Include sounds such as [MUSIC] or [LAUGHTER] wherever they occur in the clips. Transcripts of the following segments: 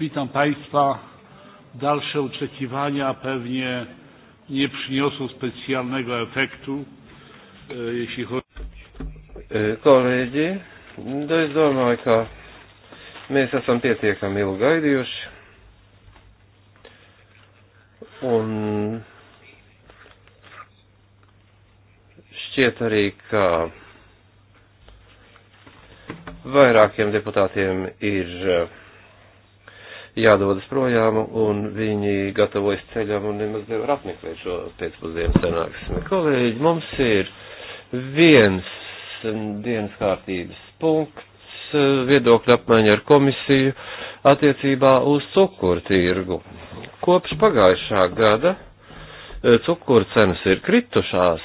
Witam Państwa. Dalsze oczekiwania pewnie nie przyniosą specjalnego efektu, e, jeśli chodzi. Kolēģi, es domāju, ka mēs esam pietiekami ilgi gaidījuši. Un šķiet arī, ka vairākiem deputātiem ir uh, jādodas projām, un viņi gatavojas ceļam un nemaz nevar apmeklēt šo pēcpusdienu sanāksmi. Kolēģi, mums ir viens dienas kārtības punkts viedokļa apmaiņa ar komisiju attiecībā uz cukuru tirgu. Kopš pagājušā gada e, cukuru cenas ir kritušās,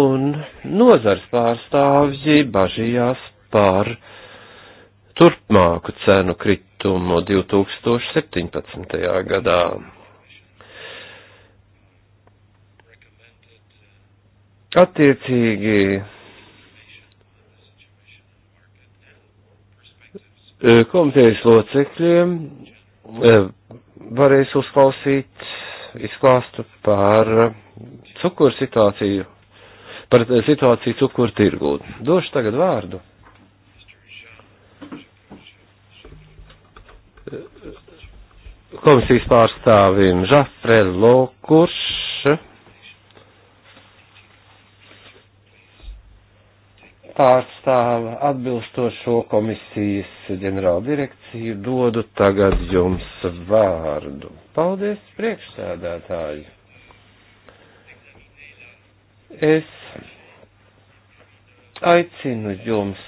un nozars pārstāvji bažījās par uh, turpmāku cenu kritumu 2017. gadā. Attiecīgi e, komitejas locekļiem e, varēs uzklausīt izklāstu par cukuru situāciju, par situāciju cukuru tirgū. Došu tagad vārdu komisijas pārstāvim Žafrelo, kurš pārstāv atbilstošo komisijas ģenerāla direkciju, dodu tagad jums vārdu. Paldies, priekšsēdētāji! Es aicinu jums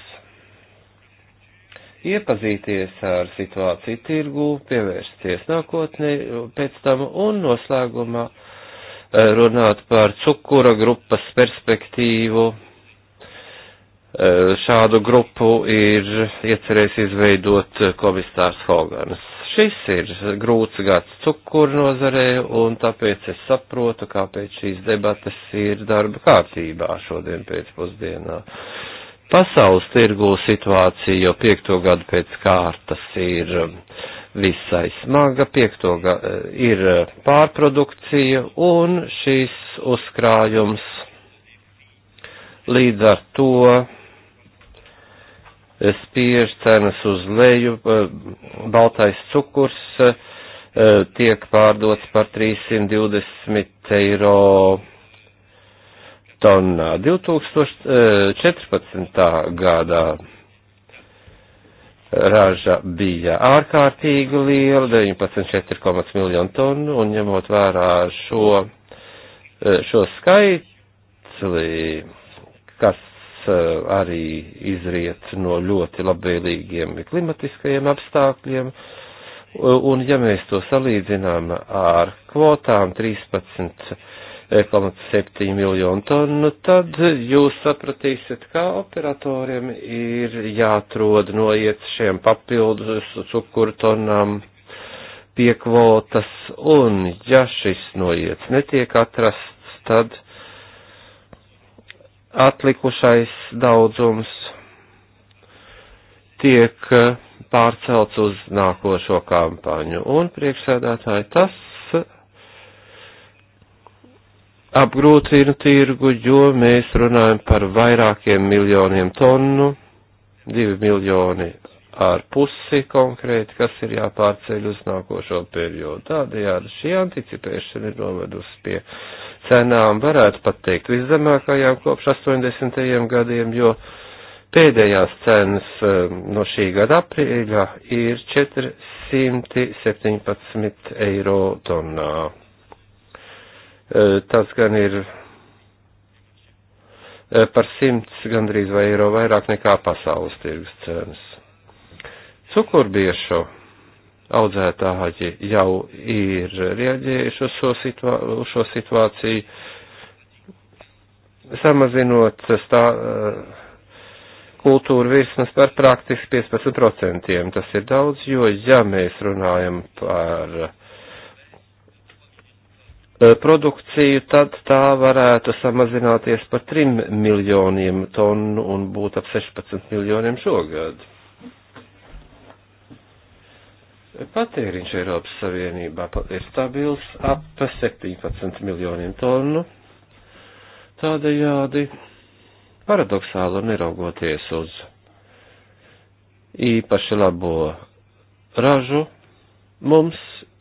iepazīties ar situāciju tirgu, pievērsties nākotnē pēc tam un noslēgumā eh, runāt par cukura grupas perspektīvu. Eh, šādu grupu ir iecerējis izveidot eh, komisārs Hogans. Šis ir grūts gads cukuru nozarē, un tāpēc es saprotu, kāpēc šīs debates ir darba kārtībā šodien pēcpusdienā. Uh, Pasaules tirgū situācija jau piekto gadu pēc kārtas ir um, visai smaga, piekto gadu eh, ir eh, pārprodukcija un šīs uzkrājums līdz ar to spiež cenas uz leju, eh, baltais cukurs tiek pārdots par 320 eiro tonnā. Eh, 2014. gadā raža bija ārkārtīgi liela, 19,4 miljonu tonu, un ņemot vērā šo, eh, šo skaitli, kas eh, arī izriet no ļoti labvēlīgiem klimatiskajiem apstākļiem, un ja mēs to salīdzinām ar kvotām 13 1,7 miljonu tonu, tad jūs sapratīsiet, kā operatoriem ir jāatrod noiet šiem papildus cukuru tonām pie kvotas, un ja šis noiets netiek atrasts, tad atlikušais daudzums tiek pārcelts uz nākošo kampaņu. Un priekšsēdētāji tas apgrūtina tirgu, jo mēs runājam par vairākiem miljoniem tonnu, divi miljoni ar pusi konkrēti, kas ir jāpārceļ uz nākošo periodu. Tādējādi šī anticipēšana ir novedusi pie cenām, varētu pat teikt, viszemākajām kopš 80. gadiem, jo pēdējās cenas eh, no šī gada aprīļa ir 417 eiro tonnā. Eh, tas gan ir eh, par simts gandrīz vai eiro vairāk nekā pasaules tirgus cenas. Cukurbiešu audzētāji jau ir rieģējuši uz šo, situā uz šo situāciju, samazinot stā, eh, kultūru virsmas par praktiski 15%. Tas ir daudz, jo ja mēs runājam par E, produkciju, tad tā varētu samazināties par 3 miljoniem tonu un būt ap 16 miljoniem šogad. Patēriņš Eiropas Savienībā ir stabils ap 17 miljoniem tonu. Tādējādi paradoxāli neraugoties uz īpaši labo ražu, mums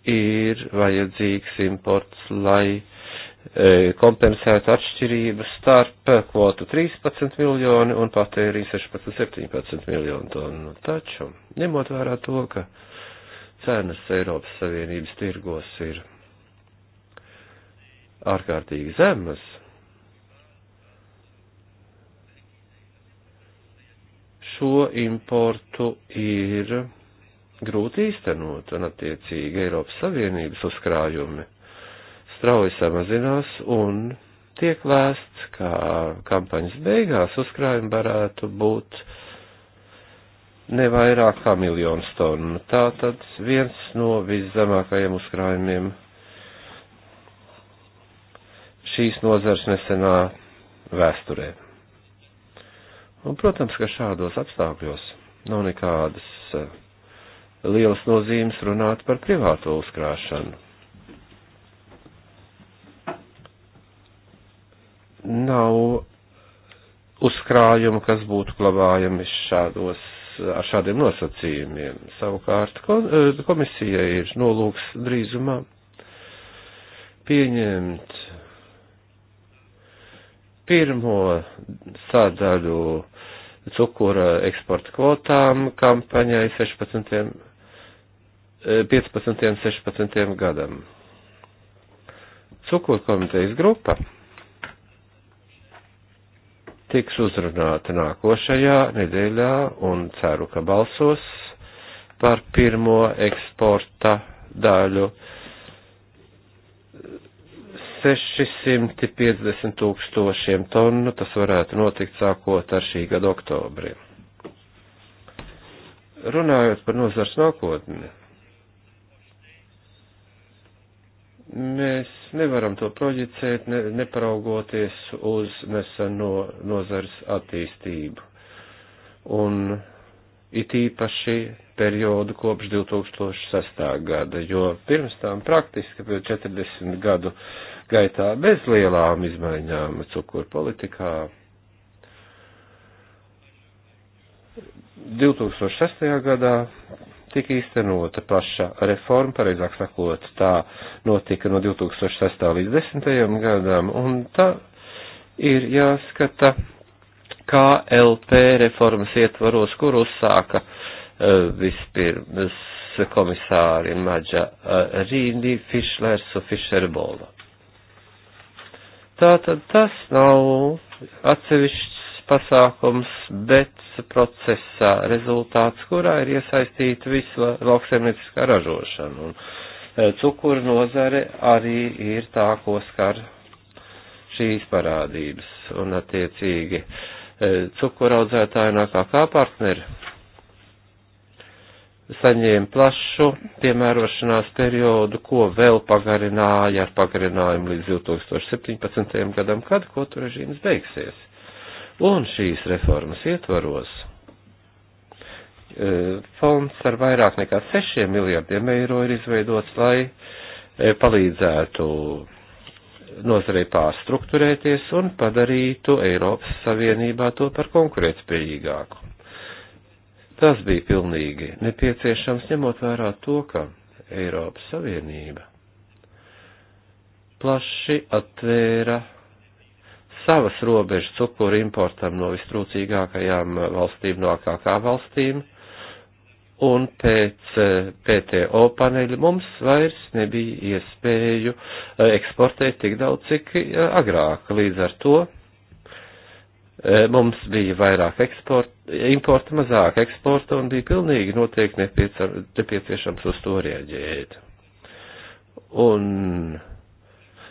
ir vajadzīgs imports, lai e, kompensētu atšķirību starp kvotu 13 miljoni un patēriju 16-17 miljonu tonu. Taču, ņemot vērā to, ka cenas Eiropas Savienības tirgos ir ārkārtīgi zemas, šo importu ir grūti īstenot, un attiecīgi Eiropas Savienības uzkrājumi strauji samazinās un tiek lēsts, ka kampaņas beigās uzkrājumi varētu būt ne vairāk kā miljonu tonu. Tā tad viens no viszemākajiem uzkrājumiem šīs nozars nesenā vēsturē. Un, protams, ka šādos apstākļos nav nekādas uh, liels nozīmes runāt par privāto uzkrāšanu. Nav uzkrājumu, kas būtu glabājami šādos, ar šādiem nosacījumiem. Savukārt eh, komisija ir nolūks drīzumā pieņemt pirmo sadaļu cukura eksporta kvotām kampaņai 16. 15. un 16. gadam. Cukurkomitejas grupa tiks uzrunāta nākošajā nedēļā un ceru, ka balsos par pirmo eksporta daļu 650 tūkstošiem tonu. Tas varētu notikt sākot ar šī gada oktobri. Runājot par nozars nākotni. Mēs nevaram to projicēt, ne, neparaugoties uz neseno nozars attīstību. Un it īpaši periodu kopš 2006. gada, jo pirms tām praktiski bija 40 gadu gaitā bez lielām izmaiņām cukuru politikā. 2006. gadā tika īstenota paša reforma, pareizāk sakot, tā notika no 2006. līdz 10. gadam, un tā ir jāskata KLP reformas ietvaros, kur uzsāka uh, vispirms komisāri Maģa uh, eh, Rīndi, Fišlers un Fišerbola. Tātad tas nav atsevišķs pasākums, bet procesā rezultāts, kurā ir iesaistīta visa lauksaimnieciskā ražošana. Un e, cukuru nozare arī ir tā, ko skar šīs parādības. Un attiecīgi e, cukuraudzētāji nākākā partneri saņēma plašu piemērošanās periodu, ko vēl pagarināja ar pagarinājumu līdz 2017. gadam, kad kvotu režīms beigsies. Un šīs reformas ietvaros e, fonds ar vairāk nekā 6 miljardiem eiro ir izveidots, lai e, palīdzētu nozarei pārstruktūrēties un padarītu Eiropas Savienībā to par konkurētspējīgāku. Tas bija pilnīgi nepieciešams ņemot vērā to, ka Eiropas Savienība plaši atvēra savas robežas cukuru importam no vistrūcīgākajām valstīm, no AKK valstīm, un pēc eh, PTO paneļa mums vairs nebija iespēju eh, eksportēt tik daudz, cik eh, agrāk. Līdz ar to mums bija vairāk eksporta, importa mazāk eksporta un bija pilnīgi noteikti nepieciešams uz to rieģēt. Un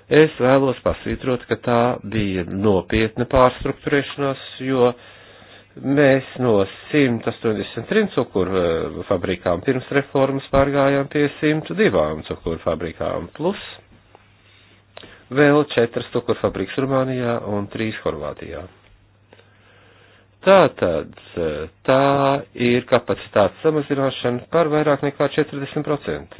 Es vēlos pasvītrot, ka tā bija nopietna pārstruktūrēšanās, jo mēs no 183 cukuru eh, fabrikām pirms reformas pārgājām pie 102 cukuru fabrikām, plus vēl 4 cukuru fabrikas Rumānijā un 3 Horvātijā. Tātad tā ir kapacitātes samazināšana par vairāk nekā 40%,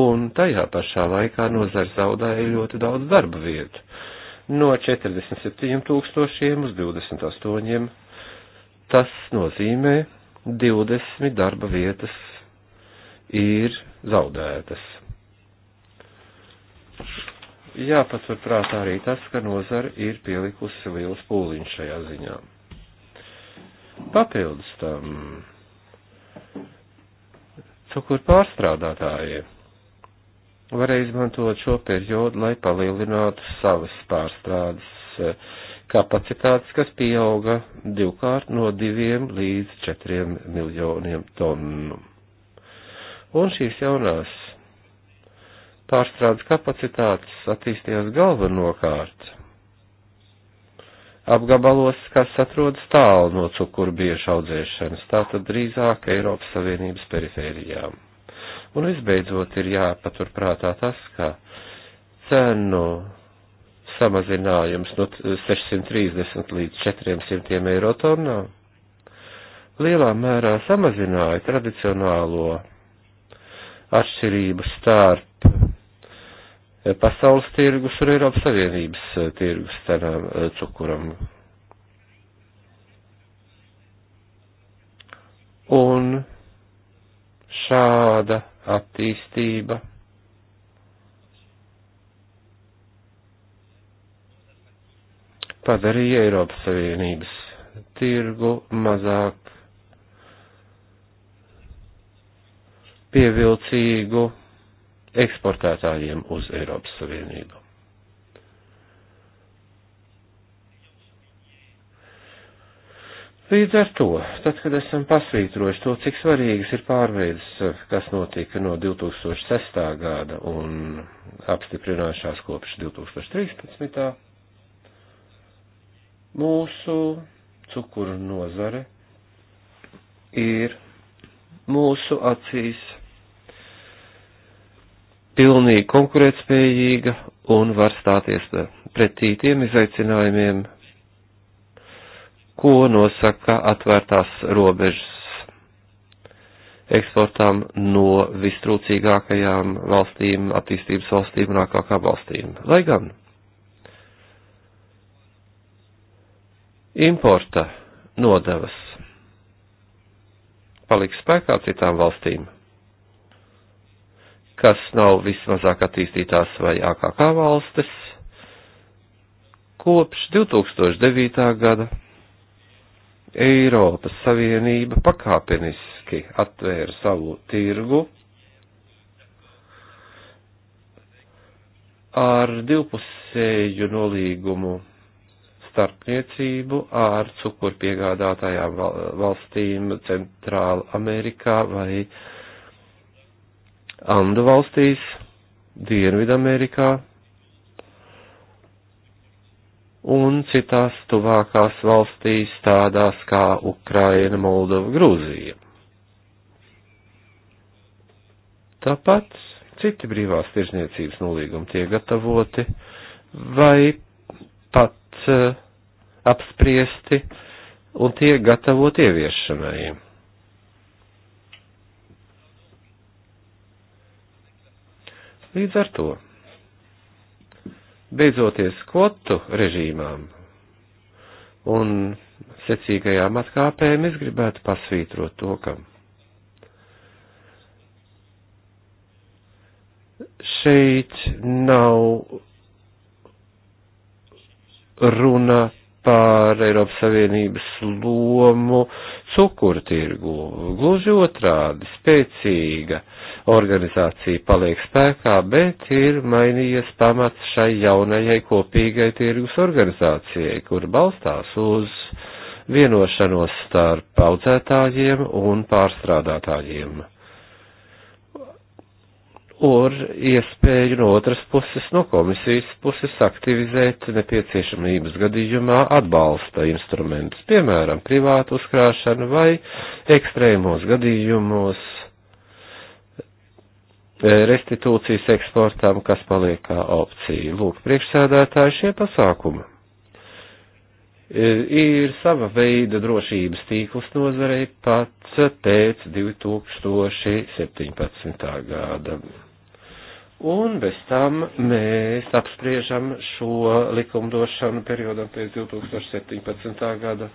un tajā pašā laikā nozara zaudēja ļoti daudz darba vietu - no 47 tūkstošiem uz 28. Tas nozīmē 20 darba vietas ir zaudētas. Jāpaturprāt arī tas, ka nozara ir pielikusi liels pūliņš šajā ziņā. Papildus tam cukuru pārstrādātāji varēja izmantot šo periodu, lai palielinātu savas pārstrādes eh, kapacitātes, kas pieauga divkārt no diviem līdz četriem miljoniem tonu. Un šīs jaunās pārstrādes kapacitātes attīstījās galvenokārt apgabalos, kas atrodas tālu no cukurbiešu audzēšanas, tātad drīzāk Eiropas Savienības perifērijām. Un visbeidzot ir jāpaturprātā tas, ka cenu samazinājums no 630 līdz 400 eiro tonnā lielā mērā samazināja tradicionālo atšķirību starp Eh, pasaules tirgus un Eiropas Savienības eh, tirgus cenām eh, cukuram. Un šāda attīstība padarīja Eiropas Savienības tirgu mazāk pievilcīgu eksportētājiem uz Eiropas Savienību. Līdz ar to, tad, kad esam pasvītrojuši to, cik svarīgas ir pārveidas, kas notika no 2006. gada un apstiprinājušās kopš 2013. mūsu cukuru nozare ir mūsu acīs pilnīgi konkurētspējīga un var stāties pretī tiem izaicinājumiem, ko nosaka atvērtās robežas eksportām no vistrūcīgākajām valstīm, attīstības valstīm un ārkārtā valstīm. Lai gan importa nodevas paliks spēkā citām valstīm kas nav vismazāk attīstītās vai AKK valstis, kopš 2009. gada Eiropas Savienība pakāpeniski atvēra savu tirgu ar divpusēju nolīgumu starpniecību ar cukurpiegādātājām valstīm Centrāla Amerikā vai uh, Andu valstīs, Dienvidamerikā un citās tuvākās valstīs, tādās kā Ukraina, Moldova, Grūzija. Tāpat citi brīvās tirzniecības nolīgumi tiek gatavoti vai pat uh, apspriesti un tiek gatavoti ieviešanai. Līdz ar to, beidzoties kvotu režīmām un secīgajām atkāpēm, es gribētu pasvītrot to, ka šeit nav runa par Eiropas Savienības lomu cukuru tirgu. Gluži otrādi, spēcīga organizācija paliek spēkā, bet ir mainījies pamats šai jaunajai kopīgai tirgus organizācijai, kur balstās uz vienošanos starp audzētājiem un pārstrādātājiem. Un iespēju no otras puses, no komisijas puses aktivizēt nepieciešamības gadījumā atbalsta instrumentus, piemēram, privātu uzkrāšanu vai ekstrēmos gadījumos E, restitūcijas eksportām, kas paliek kā opcija. Lūk, priekšsēdētāji šie pasākumi e, ir sava veida drošības tīkls nozarei pats pēc 2017. gada. Un bez tam mēs apspriežam šo likumdošanu periodam pēc 2017. gada.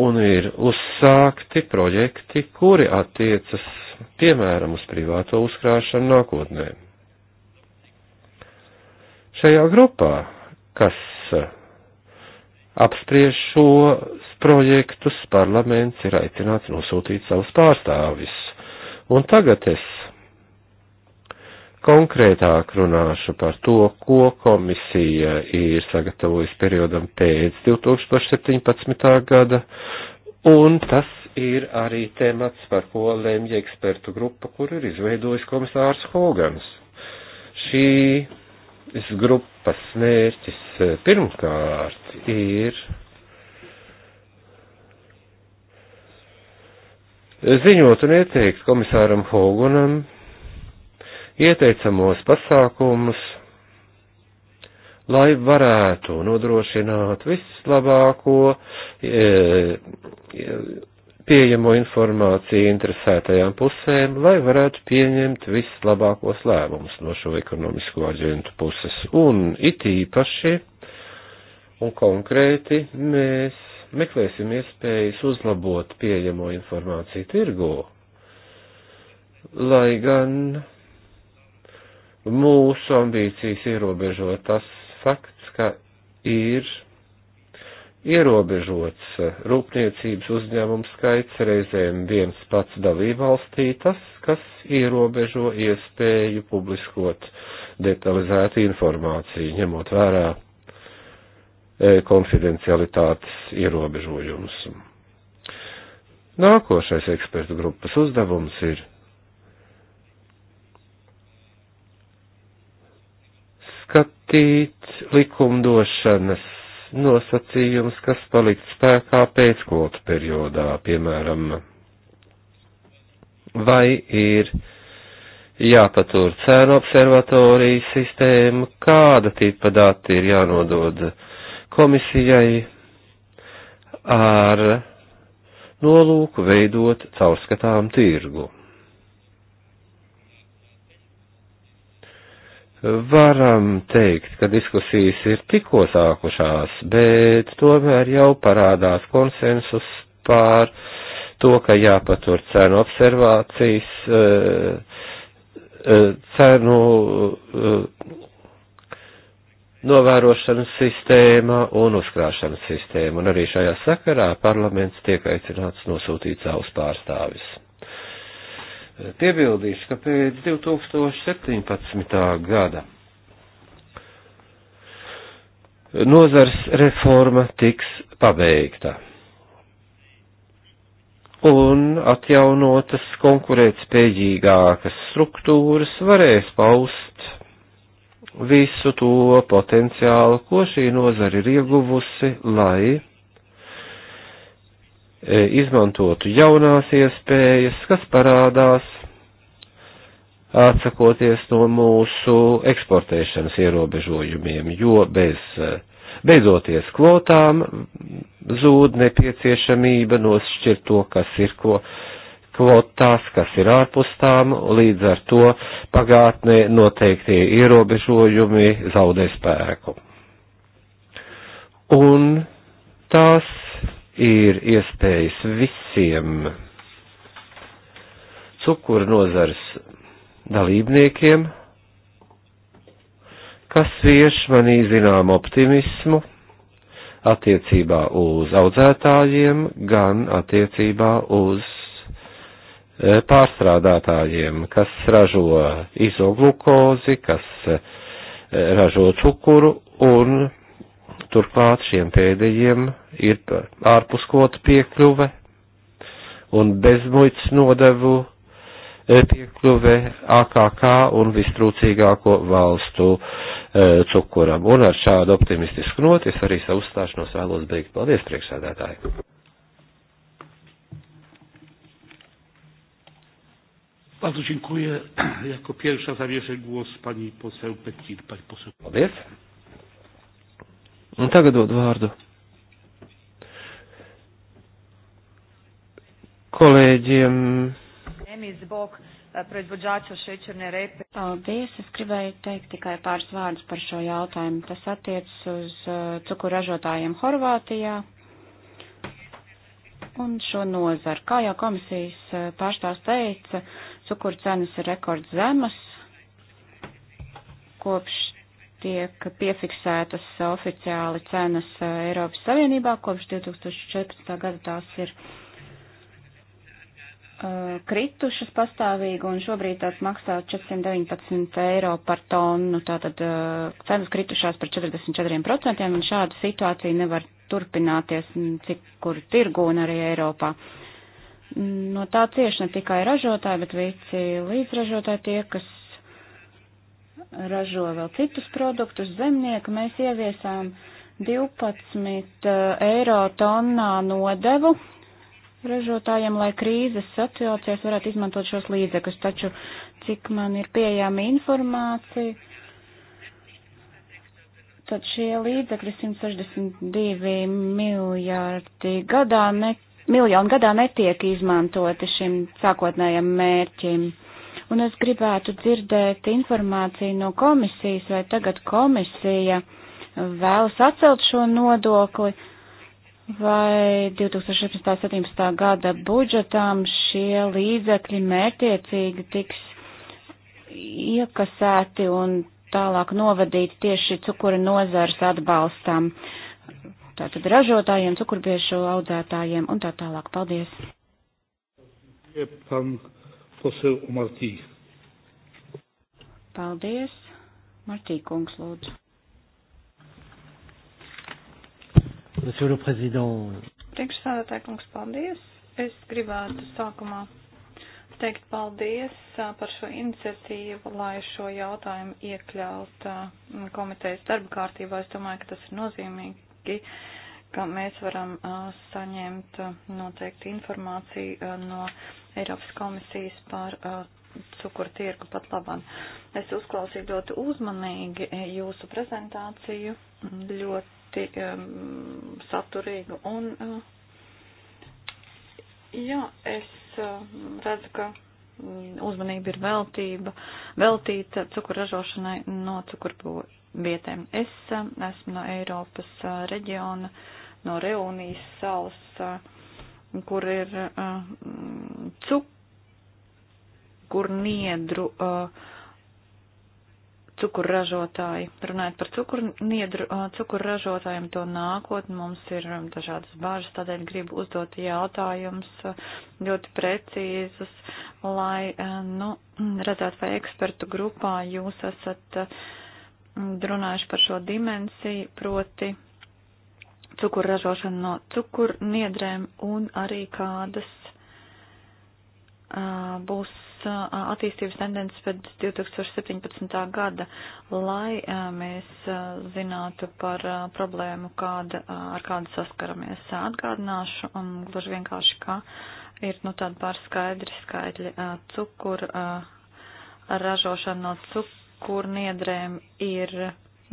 Un ir uzsākti projekti, kuri attiecas piemēram, uz privāto uzkrāšanu nākotnē. Šajā grupā, kas eh, apspriež šos projektus, parlaments ir aicināts nosūtīt savus pārstāvis. Un tagad es konkrētāk runāšu par to, ko komisija ir sagatavojusi periodam pēc 2017. gada, un tas ir arī temats, par ko lemj ekspertu grupa, kur ir izveidojis komisārs Hogans. Šīs grupas mērķis eh, pirmkārt ir ziņot un ieteikt komisāram Hoganam ieteicamos pasākumus, lai varētu nodrošināt vislabāko e, pieejamo informāciju interesētajām pusēm, lai varētu pieņemt vislabākos lēmumus no šo ekonomisko aģentu puses. Un it īpaši un konkrēti mēs meklēsim iespējas uzlabot pieejamo informāciju tirgū, lai gan mūsu ambīcijas ierobežo tas fakts, ka ir ierobežots rūpniecības uzņēmumu skaits, reizēm viens pats dalībvalstī, tas, kas ierobežo iespēju publiskot detalizētu informāciju, ņemot vērā e, konfidencialitātes ierobežojumus. Nākošais ekspertu grupas uzdevums ir skatīt likumdošanas nosacījums, kas palikt spēkā pēc kvotu periodā, piemēram, vai ir jāpatur cēnu observatorijas sistēma, kāda tipa dati ir jānodod komisijai ar nolūku veidot caurskatām tirgu. varam teikt, ka diskusijas ir tikko sākušās, bet tomēr jau parādās konsensus pār to, ka jāpatur cenu observācijas, eh, eh, cenu eh, novērošanas sistēma un uzkrāšanas sistēma, un arī šajā sakarā parlaments tiek aicināts nosūtīt savus pārstāvis. Piebildīšu, ka pēc 2017. gada nozars reforma tiks pabeigta un atjaunotas konkurētspējīgākas struktūras varēs paust visu to potenciālu, ko šī nozara ir ieguvusi, lai E, izmantotu jaunās iespējas, kas parādās atsakoties no mūsu eksportēšanas ierobežojumiem, jo bez e, beidzoties kvotām zūd nepieciešamība nošķirt to, kas ir ko kvotās, kas ir ārpus tām, līdz ar to pagātnē noteiktie ierobežojumi zaudē spēku. Un tās ir iespējas visiem cukuru nozares dalībniekiem, kas vieš manī zinām optimismu attiecībā uz audzētājiem, gan attiecībā uz eh, pārstrādātājiem, kas ražo izoglukozi, kas eh, ražo cukuru un Turklāt šiem pēdējiem ir ārpus kvota piekļuve un bezmuitas nodevu e, piekļuve AKK un vistrūcīgāko valstu e, cukuram. Un ar šādu optimistisku noti es arī savu stāšanos vēlos beigt. Paldies, priekšsēdētāji! Bardzo dziękuję. Jako pierwsza zabierze głos pani poseł Petir. Pani poseł. Powiedz. Un tagad dod vārdu kolēģiem. Paldies, es gribēju teikt tikai pāris vārdus par šo jautājumu. Tas attiecas uz uh, cukuru ražotājiem Horvātijā un šo nozaru. Kā jau komisijas uh, pārstāvs teica, cukuru cenas ir rekords zemas kopš tiek piefiksētas oficiāli cenas eh, Eiropas Savienībā. Kopš 2014. gada tās ir uh, kritušas pastāvīgi un šobrīd tās maksā 419 eiro par tonu, tātad uh, cenas kritušās par 44% un šāda situācija nevar turpināties mm, cik kur tirgu un arī Eiropā. Mm, no tā cieši ne tikai ražotāji, bet visi līdzražotāji tie, kas ražo vēl citus produktus, zemnieku mēs ieviesām 12 eh, eiro tonnā nodevu ražotājiem, lai krīzes situācijās varētu izmantot šos līdzekļus, taču cik man ir pieejama informācija, tad šie līdzekļi 162 miljārdi gadā, ne, miljoni gadā netiek izmantoti šim sākotnējam mērķim un es gribētu dzirdēt informāciju no komisijas, vai tagad komisija vēlas atcelt šo nodokli, vai 2017. gada budžetām šie līdzekļi mērtiecīgi tiks iekasēti un tālāk novadīti tieši cukura nozars atbalstam. Tātad ražotājiem, cukurbiešu audzētājiem un tā tālāk. Paldies! Pan poseł Martī. Paldies. Martī kungs, lūdzu. Monsieur le Président. Priekšsādātāj kungs, paldies. Es gribētu sākumā teikt paldies par šo iniciatīvu, lai šo jautājumu iekļaut komitejas darba kārtībā. Es domāju, ka tas ir nozīmīgi, ka mēs varam saņemt noteikti informāciju no Eiropas komisijas par uh, cukuru tirgu pat labam. Es uzklausīju ļoti uzmanīgi eh, jūsu prezentāciju, ļoti um, saturīgu un, uh, jā, es uh, redzu, ka uzmanība ir veltība, veltīta cukuru ražošanai no cukuru vietēm. Es uh, esmu no Eiropas uh, reģiona, no Reunijas salas. Uh, kur ir uh, mm, cukurniedru, uh, cukurražotāji. Runājot par cukurniedru, uh, cukurražotājiem to nākotni, mums ir dažādas bāžas, tādēļ gribu uzdot jautājumus uh, ļoti precīzus, lai, uh, nu, redzētu, vai ekspertu grupā jūs esat uh, runājuši par šo dimensiju, proti cukurražošanu no cukurniedrēm un arī kādas uh, būs uh, attīstības tendences pēc 2017. gada, lai uh, mēs uh, zinātu par uh, problēmu, kāda, uh, ar kādu saskaramies. Atgādināšu um, gluži vienkārši, ka ir nu, tādi pārskaidri skaidri uh, cukuru. Uh, ražošana no cukurniedrēm ir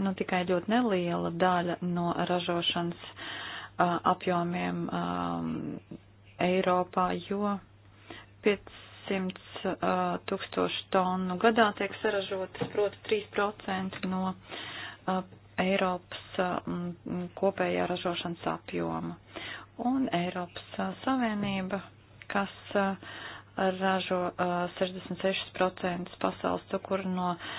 nu, tikai ļoti neliela daļa no ražošanas uh, apjomiem um, Eiropā, jo 500 uh, tūkstoši tonu gadā tiek saražotas, proti 3% no uh, Eiropas uh, kopējā ražošanas apjoma. Un Eiropas uh, Savienība, kas uh, ražo uh, 66% pasaules cukuru no uh,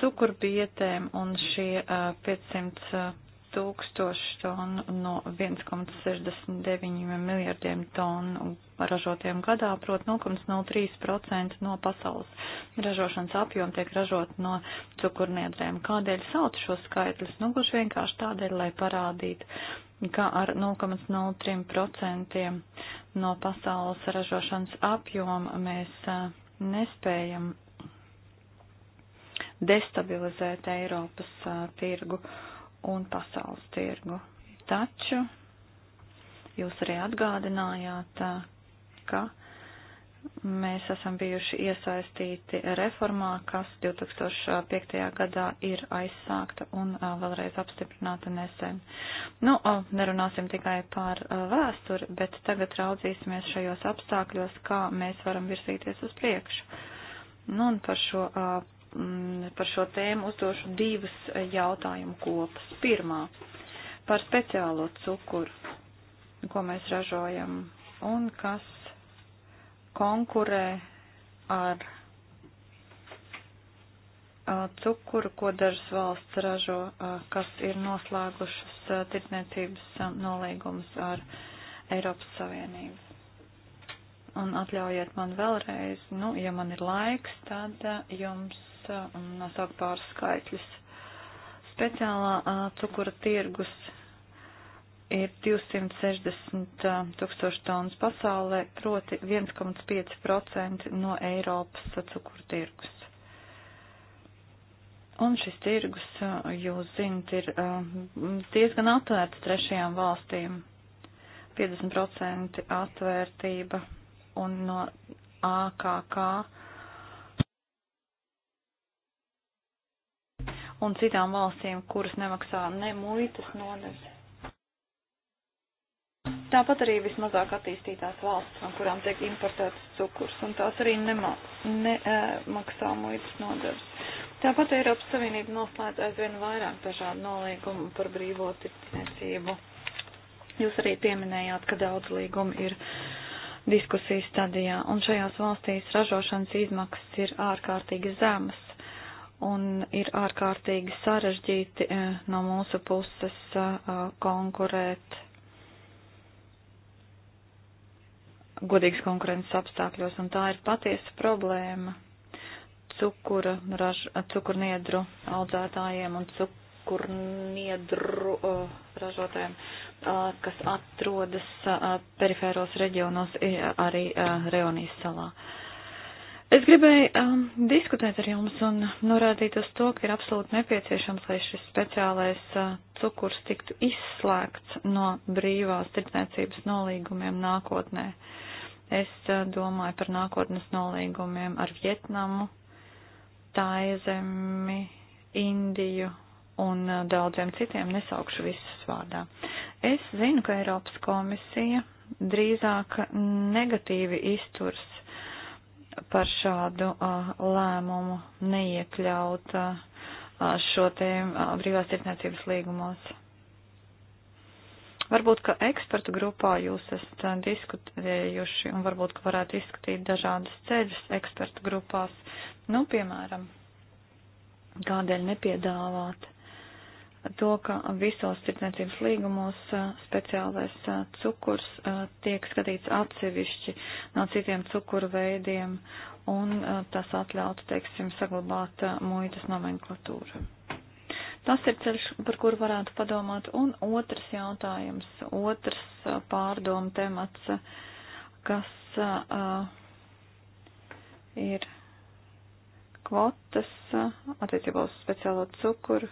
cukurbietēm un šie 500 tūkstoši tonu no 1,69 miljardiem tonu ražotiem gadā, prot 0,03% no pasaules ražošanas apjoma tiek ražot no cukurniedrēm. Kādēļ sauc šo skaitļus? Nu, gluži vienkārši tādēļ, lai parādītu, ka ar 0,03% no pasaules ražošanas apjoma mēs nespējam destabilizēt Eiropas uh, tirgu un pasaules tirgu. Taču jūs arī atgādinājāt, uh, ka mēs esam bijuši iesaistīti reformā, kas 2005. gadā ir aizsākta un vēlreiz apstiprināta nesen. Nu, nerunāsim tikai par vēsturi, bet tagad raudzīsimies šajos apstākļos, kā mēs varam virzīties uz priekšu. Nu, un par šo Mm, par šo tēmu uzdošu divas jautājumu kopas. Pirmā par speciālo cukuru, ko mēs ražojam un kas konkurē ar cukuru, ko dažas valsts ražo, kas ir noslēgušas tirdzniecības nolīgumus ar Eiropas Savienību. Un atļaujiet man vēlreiz, nu, ja man ir laiks, tad jums un nosaukt pāris skaitļus. Speciālā uh, cukura tirgus ir 260 tūkstoši tonnas pasaulē, proti 1,5% no Eiropas cukura tirgus. Un šis tirgus, jūs zinat, ir diezgan atvērts trešajām valstīm. 50% atvērtība un no AKK un citām valstīm, kuras nemaksā ne muitas nodevis. Tāpat arī vismazāk attīstītās valsts, no kurām tiek importēts cukurs, un tās arī nemaksā ne, e, muitas nodevis. Tāpat Eiropas Savienība noslēdz aizvien vairāk dažādu nolīgumu par brīvo tirdzniecību. Jūs arī pieminējāt, ka daudz līgumu ir diskusijas stadijā, un šajās valstīs ražošanas izmaksas ir ārkārtīgi zemas un ir ārkārtīgi sarežģīti eh, no mūsu puses eh, eh, konkurēt godīgas konkurences apstākļos, un tā ir patiesa problēma cukura, raž, cukurniedru audzētājiem un cukurniedru uh, ražotājiem, uh, kas atrodas uh, perifēros reģionos, arī uh, Reonijas salā. Uh, Es gribēju um, diskutēt ar jums un norādīt uz to, ka ir absolūti nepieciešams, lai šis speciālais uh, cukurs tiktu izslēgts no brīvās tirdzniecības nolīgumiem nākotnē. Es uh, domāju par nākotnes nolīgumiem ar Vietnamu, Taizemi, Indiju un uh, daudziem citiem, nesaukšu visus vārdā. Es zinu, ka Eiropas komisija drīzāk negatīvi izturs par šādu uh, lēmumu neiekļaut uh, šo te uh, brīvās tirdzniecības līgumos. Varbūt, ka ekspertu grupā jūs esat uh, diskutējuši un varbūt, ka varētu izskatīt dažādus ceļus ekspertu grupās. Nu, piemēram, kādēļ nepiedāvāt uh, to, ka visos tirdzniecības līgumos speciālais cukurs tiek skatīts atsevišķi no citiem cukuru veidiem, un tas atļautu, teiksim, saglabāt muitas nomenklatūru. Tas ir ceļš, par kuru varētu padomāt, un otrs jautājums, otrs pārdomu temats, kas ir kvotas attiecībā uz speciālo cukuru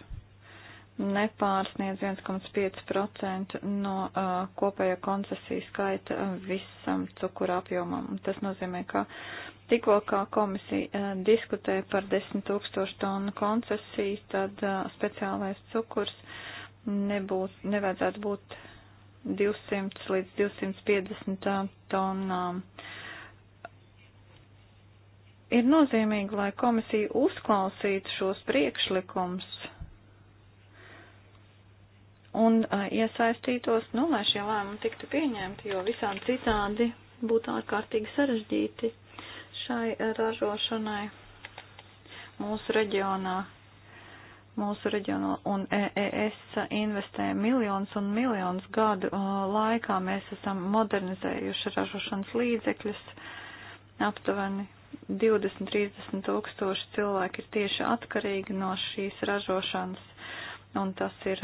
nepārsniedz 1,5% no uh, kopējā koncesija skaita uh, visam cukura apjomam. Tas nozīmē, ka tikko kā komisija uh, diskutē par 10 tūkstošu tonu koncesiju, tad uh, speciālais cukurs nebūs, nevajadzētu būt 200 līdz 250 tonām. Uh, ir nozīmīgi, lai komisija uzklausītu šos priekšlikums un uh, iesaistītos, nu, lai šie lēmumi tiktu pieņemti, jo visādi citādi būtu ārkārtīgi sarežģīti šai ražošanai mūsu reģionā. Mūsu reģionā un EES investē miljonus un miljonus gadu laikā. Mēs esam modernizējuši ražošanas līdzekļus. Aptuveni 20-30 tūkstoši cilvēki ir tieši atkarīgi no šīs ražošanas un tas ir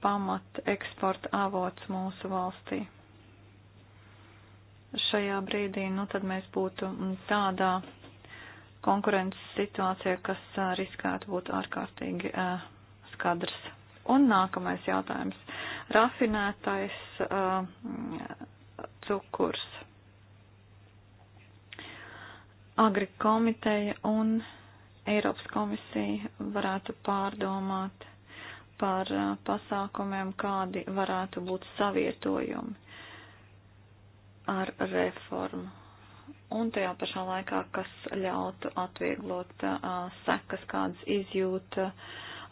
pamat eksporta avots mūsu valstī. Šajā brīdī, nu tad mēs būtu tādā konkurences situācijā, kas riskētu būt ārkārtīgi skadrs. Un nākamais jautājums. Rafinētais cukurs. Agri komiteja un Eiropas komisija varētu pārdomāt par pasākumiem, kādi varētu būt savietojumi ar reformu. Un tajā pašā laikā, kas ļautu atvieglot sekas, kādas izjūta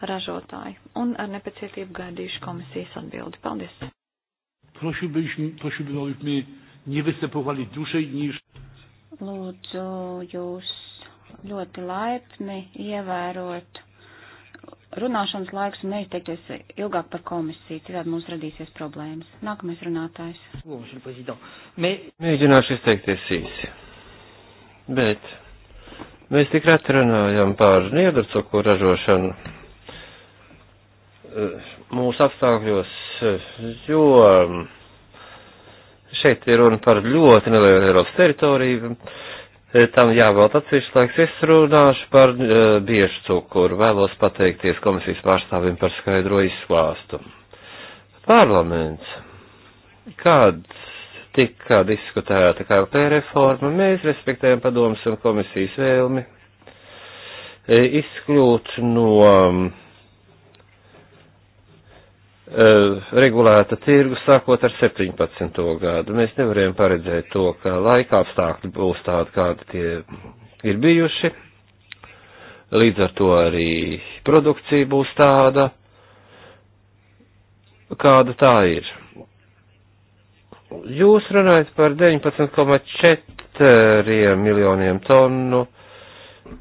ražotāji. Un ar nepacietību gaidīšu komisijas atbildi. Paldies! Prosiłbym, abyśmy nie występowali dłużej niż. Lūdzu, jūs ļoti laipni ievērot runāšanas laiks un neizteikties ilgāk par komisiju, citādi mums radīsies problēmas. Nākamais runātājs. Mēģināšu izteikties īsi. Bet mēs tik reti runājam par niedurcuku ražošanu eh, mūsu apstākļos, eh, jo eh, šeit ir runa par ļoti nelielu Eiropas teritoriju E, tam jāvēl atsevišķi laiks. Es runāšu par uh, biežu cukuru. Vēlos pateikties komisijas pārstāvim par skaidro izklāstu. Parlaments, kad tika diskutēta KLP reforma, mēs respektējam padomus un komisijas vēlmi e, izkļūt no Eh, regulēta tirgus sākot ar 17. gadu. Mēs nevarējām paredzēt to, ka laika apstākļi būs tādi, kādi tie ir bijuši. Līdz ar to arī produkcija būs tāda, kāda tā ir. Jūs runājat par 19,4 miljoniem tonu,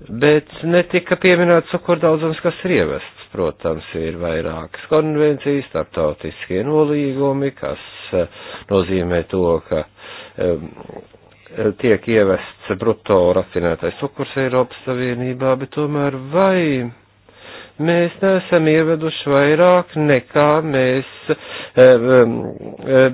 bet netika pieminēts cukurdaudzums, kas ir ievests protams, ir vairākas konvencijas, starptautiskie nolīgumi, kas eh, nozīmē to, ka um, tiek ievests bruto rafinētais cukurs Eiropas Savienībā, bet tomēr vai mēs neesam ieveduši vairāk nekā mēs um,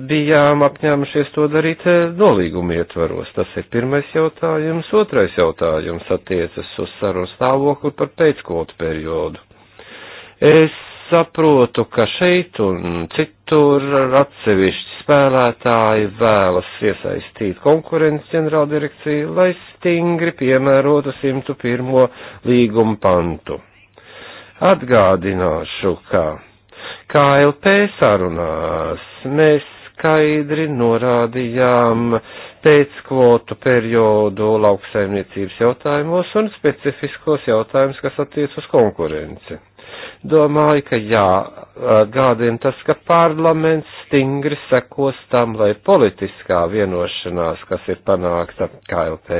bijām apņēmušies to darīt eh, nolīgumu ietvaros? Tas ir pirmais jautājums. Otrais jautājums attiecas uz sarunu stāvokli par pēckvotu periodu Es saprotu, ka šeit un citur atsevišķi spēlētāji vēlas iesaistīt konkurences ģenerāldirekciju, lai stingri piemērotu 101. līguma pantu. Atgādināšu, ka KLP sarunās mēs skaidri norādījām pēckvotu periodu lauksaimniecības jautājumos un specifiskos jautājumus, kas attiec uz konkurenci domāju, ka jāatgādina tas, ka parlaments stingri sekos tam, lai politiskā vienošanās, kas ir panākta KLP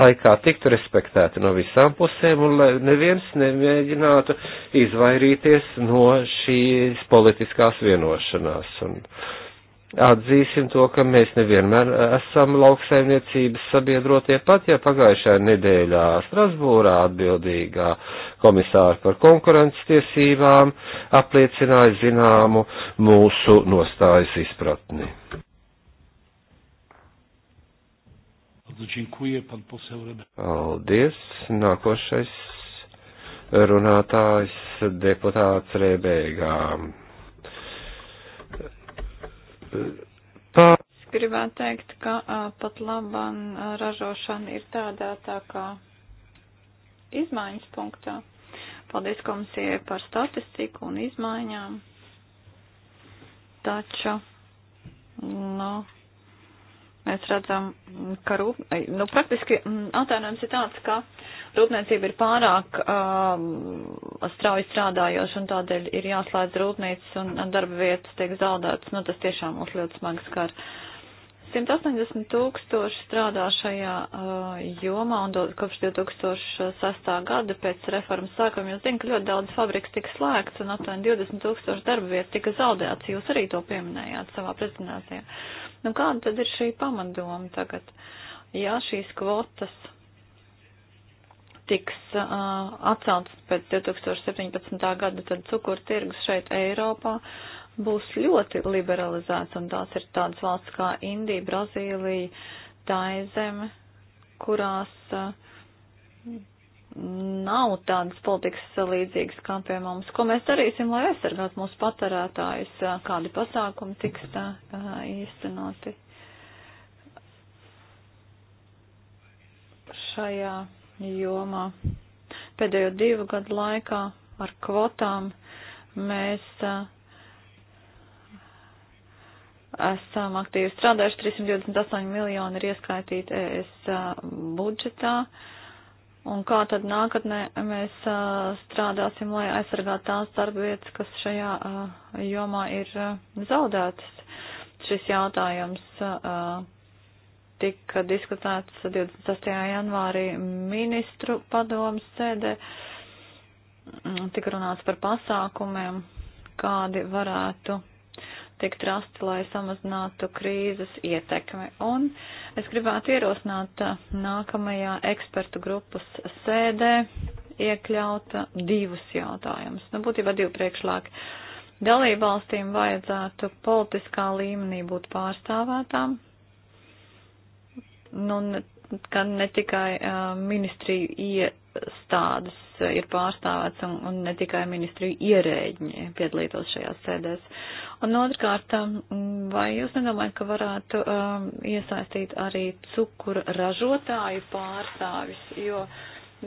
laikā, tiktu respektēta no visām pusēm un lai neviens nemēģinātu izvairīties no šīs politiskās vienošanās. Un, uh, Atzīsim to, ka mēs nevienmēr esam lauksaimniecības sabiedrotie, pat ja pagājušajā nedēļā Strasbūrā atbildīgā komisāra par konkurences tiesībām apliecināja zināmu mūsu nostājas izpratni. Paldies. Nākošais runātājs deputāts Rebēgām. Pār... Es gribētu teikt, ka uh, pat laban uh, ražošana ir tādā tā kā izmaiņas punktā. Paldies komisijai par statistiku un izmaiņām. Taču, nu, no Mēs redzam, ka rūp, nu, praktiski mm, atvainojums ir tāds, ka rūpniecība ir pārāk um, strauji strādājoša un tādēļ ir jāslēdz rūpnīcas un darba vietas tiek zaudētas. Nu, tas tiešām mūs ļoti smagi skar. 180 tūkstoši strādā šajā uh, jomā un do, kopš 2006. gada pēc reformas sākuma jūs zināt, ka ļoti daudz fabriks tika slēgts un aptuveni 20 tūkstoši darba vietas tika zaudēts. Jūs arī to pieminējāt savā prezentācijā. Uh, Nu, kāda tad ir šī pamatdoma tagad? Ja šīs kvotas tiks uh, atceltas pēc 2017. gada, tad cukuru tirgus šeit Eiropā būs ļoti liberalizēts, un tās ir tādas valsts kā Indija, Brazīlija, Taizeme, kurās uh, nav tādas politikas līdzīgas kā pie mums. Ko mēs darīsim, lai aizsargātu mūsu patērētājus, kādi pasākumi tiks tā īstenoti šajā jomā. Pēdējo divu gadu laikā ar kvotām mēs esam aktīvi strādājuši, 328 miljoni ir ieskaitīti ES budžetā. Uh, Un kā tad nākotnē mēs uh, strādāsim, lai aizsargātu tās darbvietas, kas šajā uh, jomā ir uh, zaudētas? Šis jautājums uh, tika diskutēts 26. janvārī ministru padomas sēdē. Tik runāts par pasākumiem, kādi varētu tiktu rasti, lai samazinātu krīzes ietekmi. Un es gribētu ierosināt uh, nākamajā ekspertu grupas sēdē iekļaut uh, divus jautājumus. Nu, būtībā divi priekšlāki. Dalībvalstīm vajadzētu politiskā līmenī būt pārstāvētām. Nu, ka ne tikai uh, ministriju iestādes ir pārstāvēts un, un ne tikai ministriju ierēģi piedalītos šajās sēdēs. Un otrkārt, um, vai jūs nedomājat, ka varētu um, iesaistīt arī cukura ražotāju pārstāvis, jo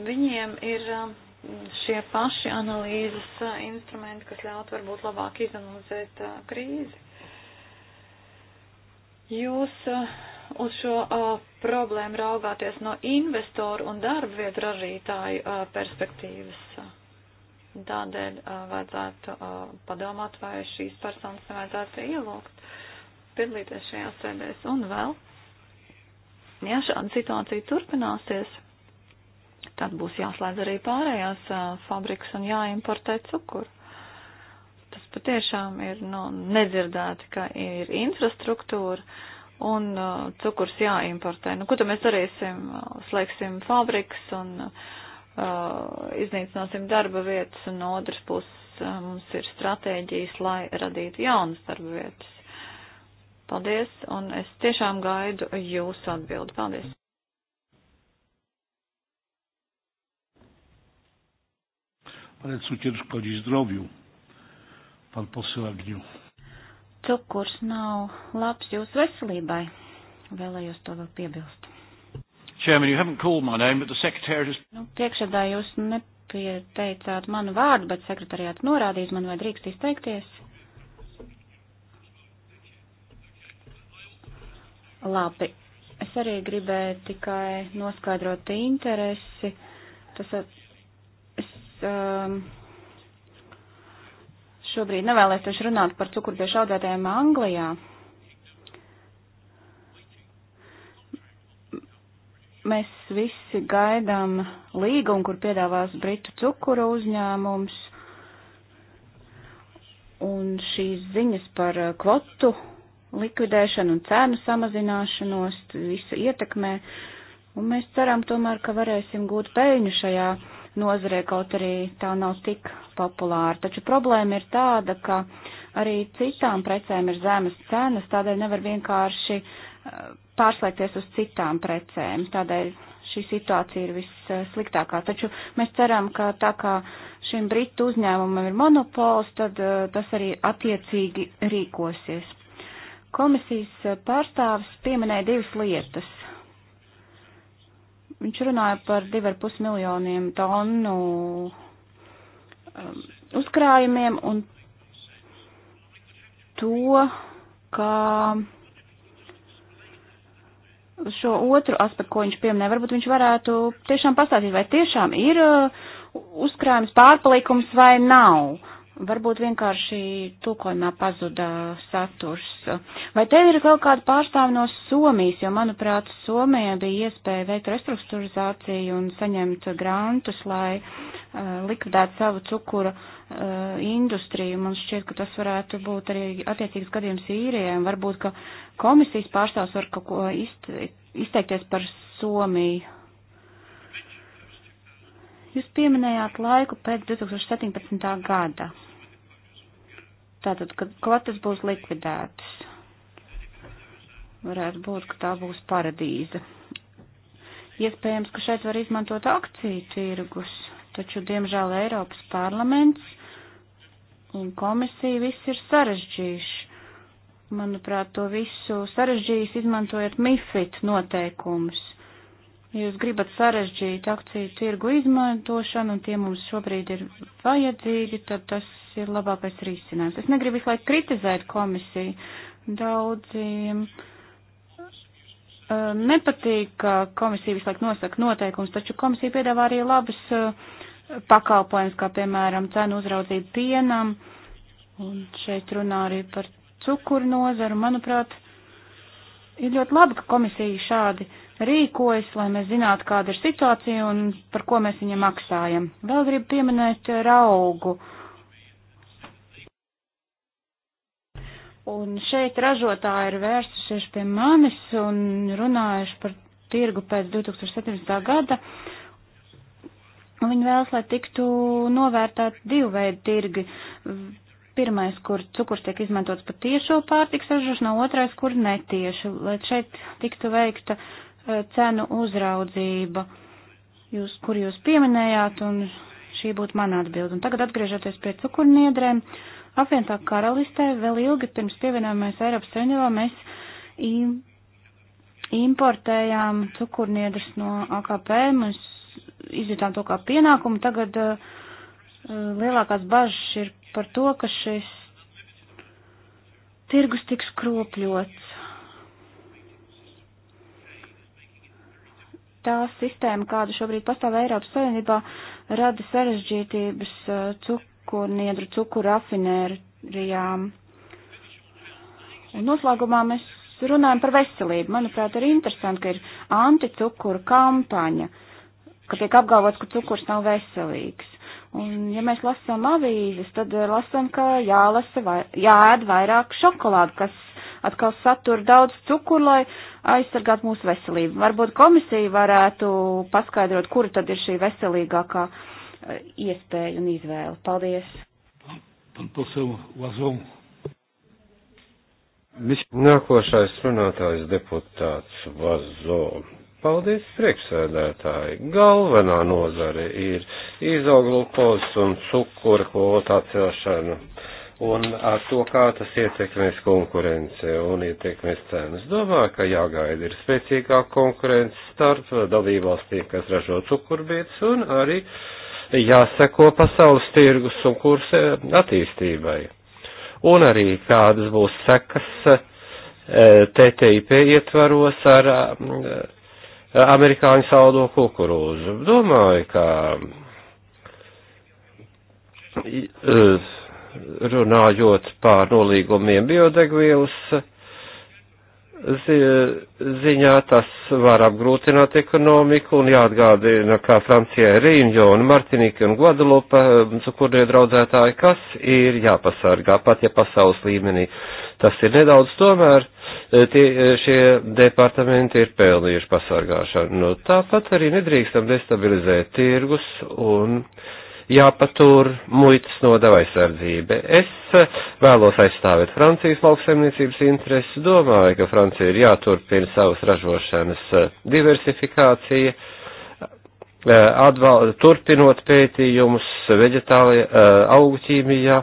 viņiem ir um, šie paši analīzes uh, instrumenti, kas ļaut varbūt labāk izanalizēt uh, krīzi? Jūs uh, uz šo uh, problēmu raugāties no investoru un darba vietu ražītāju uh, perspektīvas. Tādēļ uh, vajadzētu uh, padomāt, vai šīs personas nevajadzētu ielūgt, piedalīties šajās sēdēs un vēl. Ja šāda situācija turpināsies, tad būs jāslēdz arī pārējās fabrikas un jāimportē cukuru. Tas patiešām ir nu, nedzirdēti, ka ir infrastruktūra, uh, un uh, cukurs jāimportē. Nu, ko tad mēs darīsim? Uh, slēgsim fabrikas un uh, iznīcināsim darba vietas, un no otras puses uh, mums ir stratēģijas, lai radītu jaunas darba vietas. Paldies, un es tiešām gaidu jūsu atbildi. Paldies! Ale cukier szkodzi zdrowiu. Pan poseł Agniu cukurs nav labs jūsu veselībai. Vēlējos to vēl piebilst. Chairman, you haven't called my name, but the secretary has... Nu, priekšādā jūs nepieteicāt manu vārdu, bet sekretariāts norādījis man, vai drīkst izteikties. Labi. Es arī gribēju tikai noskaidrot interesi. Tas, es, um, šobrīd nevēlēs taču runāt par cukurbiešu audētājiem Anglijā. Mēs visi gaidām līgumu, kur piedāvās Britu cukuru uzņēmums, un šīs ziņas par uh, kvotu likvidēšanu un cēnu samazināšanos visu ietekmē, un mēs ceram tomēr, ka varēsim gūt peļņu šajā nozarē, kaut arī tā nav tik populāra. Taču problēma ir tāda, ka arī citām precēm ir zemes cenas, tādēļ nevar vienkārši eh, pārslēgties uz citām precēm. Tādēļ šī situācija ir vissliktākā. Eh, Taču mēs ceram, ka tā kā šim britu uzņēmumam ir monopols, tad eh, tas arī attiecīgi rīkosies. Komisijas pārstāvis pieminēja divas lietas Viņš runāja par 2,5 miljoniem tonu um, uzkrājumiem un to, ka šo otru aspektu, ko viņš pieminē, varbūt viņš varētu tiešām pastāstīt, vai tiešām ir uh, uzkrājums pārpalikums vai nav. Varbūt vienkārši tūkojumā pazuda saturs. Vai te ir kaut kāda pārstāva no Somijas, jo, manuprāt, Somijai bija iespēja veikt restruktūrizāciju un saņemt grantus, lai uh, likvidētu savu cukura uh, industriju. Man šķiet, ka tas varētu būt arī attiecīgs gadījums īrijai, un varbūt, ka komisijas pārstāvs var kaut ko izteikties par Somiju. Jūs pieminējāt laiku pēc 2017. gada. Tātad, kad kvotas būs likvidētas. Varētu būt, ka tā būs paradīze. Iespējams, ka šeit var izmantot akciju tirgus, taču, diemžēl, Eiropas parlaments un komisija viss ir sarežģījuši. Manuprāt, to visu sarežģījis izmantojot MIFID noteikumus. Jūs gribat sarežģīt akciju tirgu izmantošanu, un tie mums šobrīd ir vajadzīgi, tad tas ir labākais risinājums. Es negribu visu laiku kritizēt komisiju. Daudziem eh, nepatīk, ka komisija visu laiku nosaka noteikums, taču komisija piedāvā arī labus eh, pakalpojumus, kā piemēram cenu uzraudzību pienam, un šeit runā arī par cukuru nozaru. Manuprāt, ir ļoti labi, ka komisija šādi rīkojas, lai mēs zinātu, kāda ir situācija un par ko mēs viņam maksājam. Vēl gribu pieminēt raugu. Un šeit ražotāji ir vērsušies pie manis un runājuši par tirgu pēc 2017. gada. Un viņi vēlas, lai tiktu novērtēti divu veidu tirgi. Pirmais, kur cukurs tiek izmantots pat tiešo pārtiks ražošanā, otrais, kur netieši, lai šeit tiktu veikta uh, Eh, cenu uzraudzība, jūs, kur jūs pieminējāt, un šī būtu mana atbilda. Un tagad atgriežoties pie cukurniedrēm, apvienotā karalistē vēl ilgi pirms pievienojamies Eiropas Savienībā mēs importējām cukurniedras no AKP, mēs izjutām to kā pienākumu. Tagad uh, lielākās bažas ir par to, ka šis tirgus tiks kropļots. tā sistēma, kāda šobrīd pastāv Eiropas Savienībā, rada sarežģītības cukurniedru, cukuru rafinērijām. Un noslēgumā mēs runājam par veselību. Manuprāt, ir interesanti, ka ir anticukura kampaņa, ka tiek apgalvots, ka cukurs nav veselīgs. Un, ja mēs lasām avīzes, tad lasām, ka jālasa vai, jāēd vairāk šokolādu, kas atkal satura daudz cukuru, lai aizsargātu mūsu veselību. Varbūt komisija varētu paskaidrot, kura tad ir šī veselīgākā eh, iespēja un izvēle. Paldies! Nākošais runātājs deputāts Vazo. Paldies, priekšsēdētāji. Galvenā nozare ir izoglukozes un cukura kvota atcelšana un ar to, kā tas ietekmēs konkurence un ietekmēs cenas. Domāju, ka jāgaida ir spēcīgā konkurence starp dalībvalstīm, kas ražo cukurbītes, un arī jāseko pasaules tirgus un kurse attīstībai. Un arī kādas būs sekas e, TTIP ietvaros ar e, amerikāņu saldo kukurūzu. Domāju, ka e, runājot pār nolīgumiem biodegvielas zi ziņā, tas var apgrūtināt ekonomiku un jāatgādina, kā Francijai Rīņģona, Martinika un Guadalupa um, cukurnie draudzētāji, kas ir jāpasargā, pat ja pasaules līmenī tas ir nedaudz, tomēr e, tie, e, šie departamenti ir pelnījuši pasargāšanu. Nu, tāpat arī nedrīkstam destabilizēt tirgus un uh, jāpatur muitas nodeva aizsardzība. Es eh, vēlos aizstāvēt Francijas lauksaimniecības intereses, domāju, ka Francija ir jāturpina savas ražošanas eh, diversifikācija, eh, atval, turpinot pētījumus veģetālajā augķīmijā.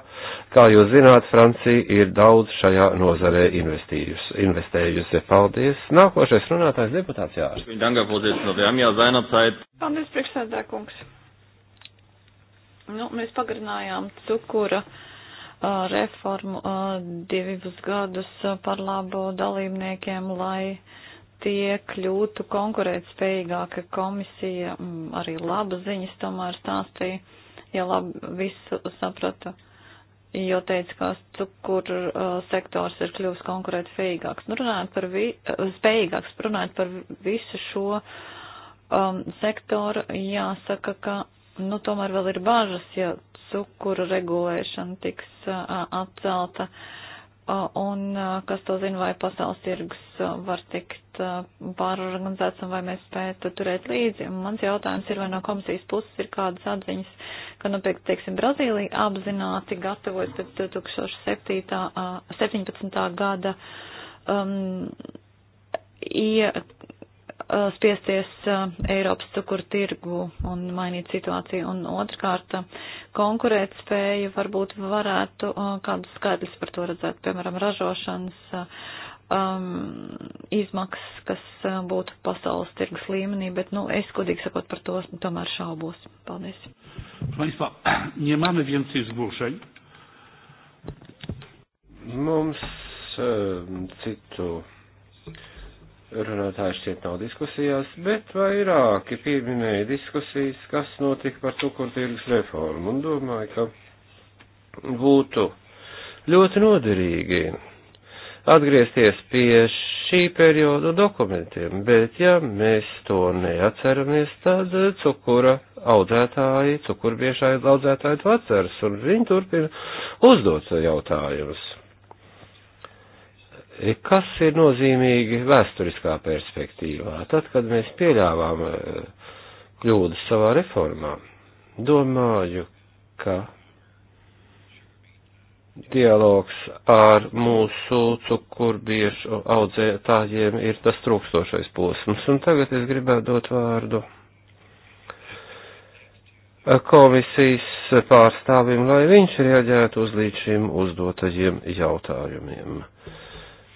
Kā jūs zināt, Francija ir daudz šajā nozarē investējusi. Paldies. Nākošais runātājs deputāts Jārs. Paldies, priekšsēdētājs kungs. Nu, mēs pagarinājām cukura uh, reformu uh, divus gadus uh, par labu dalībniekiem, lai tie kļūtu konkurētspējīgāka komisija. Um, arī laba ziņas tomēr stāstīja, ja labi visu sapratu, jo teica, ka cukura uh, sektors ir kļuvis konkurētspējīgāks. Nu, runājot par, vi, uh, spējīgāks, runājot par visu šo um, sektoru, jāsaka, ka nu, tomēr vēl ir bažas, ja cukura regulēšana tiks atcelta. Un kas to zina, vai pasaules tirgus var tikt pārorganizēts un vai mēs spētu turēt līdzi. Un mans jautājums ir, vai no komisijas puses ir kādas atziņas, ka, nu, teiksim, Brazīlija apzināti gatavojas pēc 2017. gada um, ie, Uh, spiesties uh, Eiropas cukuru tirgu un mainīt situāciju. Un otrkārt, uh, konkurēt spēju varbūt varētu kādus skaidrs par to redzēt, piemēram, ražošanas um, izmaksas, kas būtu pasaules tirgus līmenī, bet, nu, es, kodīgi sakot, par to tomēr šaubos. Paldies. Państwa, [CLEARS THROAT] nie mamy więcej zgłoszeń. Mums e, citu runātāji šķiet nav diskusijās, bet vairāki pieminēja diskusijas, kas notika par cukurtirgus reformu, un domāju, ka būtu ļoti noderīgi atgriezties pie šī perioda dokumentiem, bet ja mēs to neatceramies, tad cukura audzētāji, cukurbiežāji audzētāji to atceras, un viņi turpina uzdot jautājumus. Kas ir nozīmīgi vēsturiskā perspektīvā? Tad, kad mēs pieļāvām e, kļūdas savā reformā, domāju, ka dialogs ar mūsu cukurbiešu audzētājiem ir tas trūkstošais posms. Un tagad es gribētu dot vārdu komisijas pārstāvim, lai viņš reaģētu uz līdz šim uzdotajiem jautājumiem.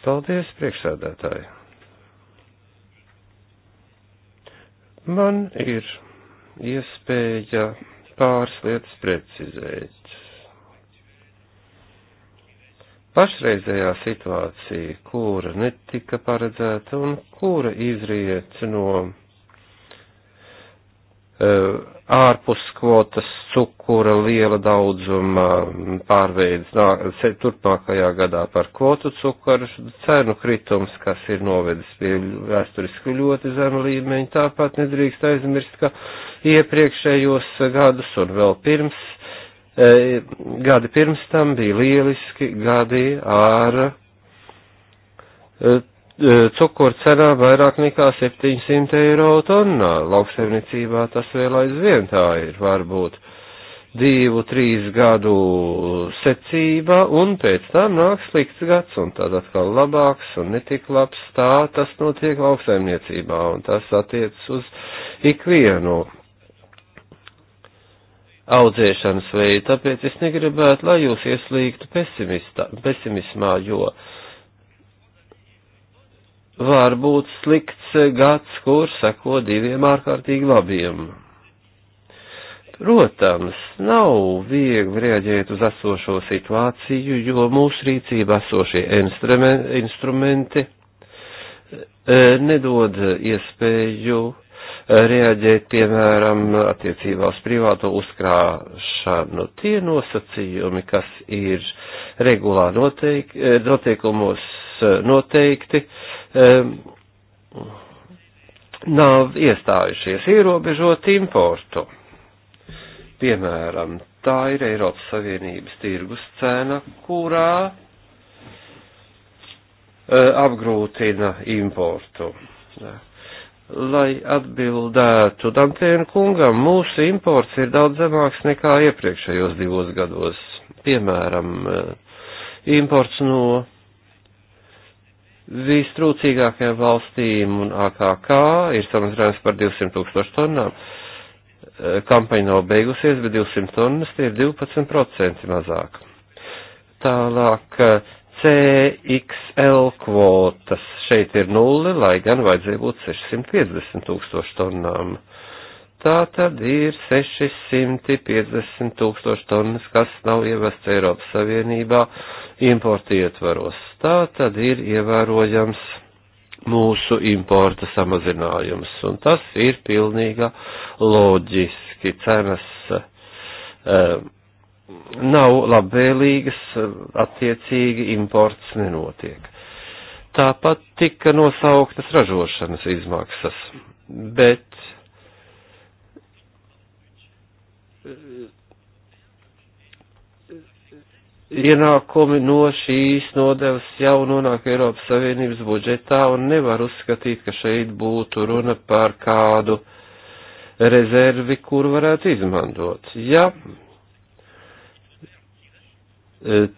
Paldies, priekšsēdētāji. Man ir iespēja pāris lietas precizēt. Pašreizējā situācija, kura netika paredzēta un kura izriet no Eh, ārpus kvotas cukura liela daudzuma mm, pārveids turpmākajā gadā par kvotu cukaru cenu kritums, kas ir novedis pie vēsturiski ļoti zemu līmeņu. Tāpat nedrīkst aizmirst, ka iepriekšējos gadus un vēl pirms, eh, gadi pirms tam bija lieliski gadi ar eh, Eh, cukuru cenā vairāk nekā 700 eiro tonnā. Lauksaimniecībā tas vēl aizvien tā ir varbūt divu, trīs gadu secībā, un pēc tam nāk slikts gads, un tad atkal labāks un netik labs. Tā tas notiek lauksaimniecībā, un tas attiec uz ikvienu audzēšanas veidu. Tāpēc es negribētu, lai jūs ieslīgtu pesimismā, jo uh, var būt slikts gads, kur seko diviem ārkārtīgi labiem. Protams, nav viegli rēģēt uz esošo situāciju, jo mūsu rīcība esošie instrumenti e, nedod iespēju e, reaģēt, piemēram, attiecībā uz privāto uzkrāšanu. Tie nosacījumi, kas ir regulā noteik, e, noteikumos noteikti, nav iestājušies ierobežot importu. Piemēram, tā ir Eiropas Savienības tirgus cena, kurā e, apgrūtina importu. Lai atbildētu Dantēna kungam, mūsu imports ir daudz zemāks nekā iepriekšējos divos gados. Piemēram, e, imports no Vistrūcīgākajām valstīm un AKK ir samazinājums par 200 tūkstošu tonnām. E, kampaņa nav beigusies, bet 200 tonnas tie ir 12% mazāk. Tālāk e, CXL kvotas šeit ir nulle, lai gan vajadzēja būt 650 tūkstošu tonnām. Uh, tā tad ir 650 tūkstoši tonnas, kas nav ievests Eiropas Savienībā importa ietvaros. Tā tad ir ievērojams mūsu importa samazinājums, un tas ir pilnīga loģiski cenas. Um, Nav labvēlīgas, attiecīgi imports nenotiek. Tāpat tika nosauktas ražošanas izmaksas, bet ienākumi no šīs nodevas jau nonāk Eiropas Savienības budžetā un nevar uzskatīt, ka šeit būtu runa par kādu rezervi, kur varētu izmantot. Ja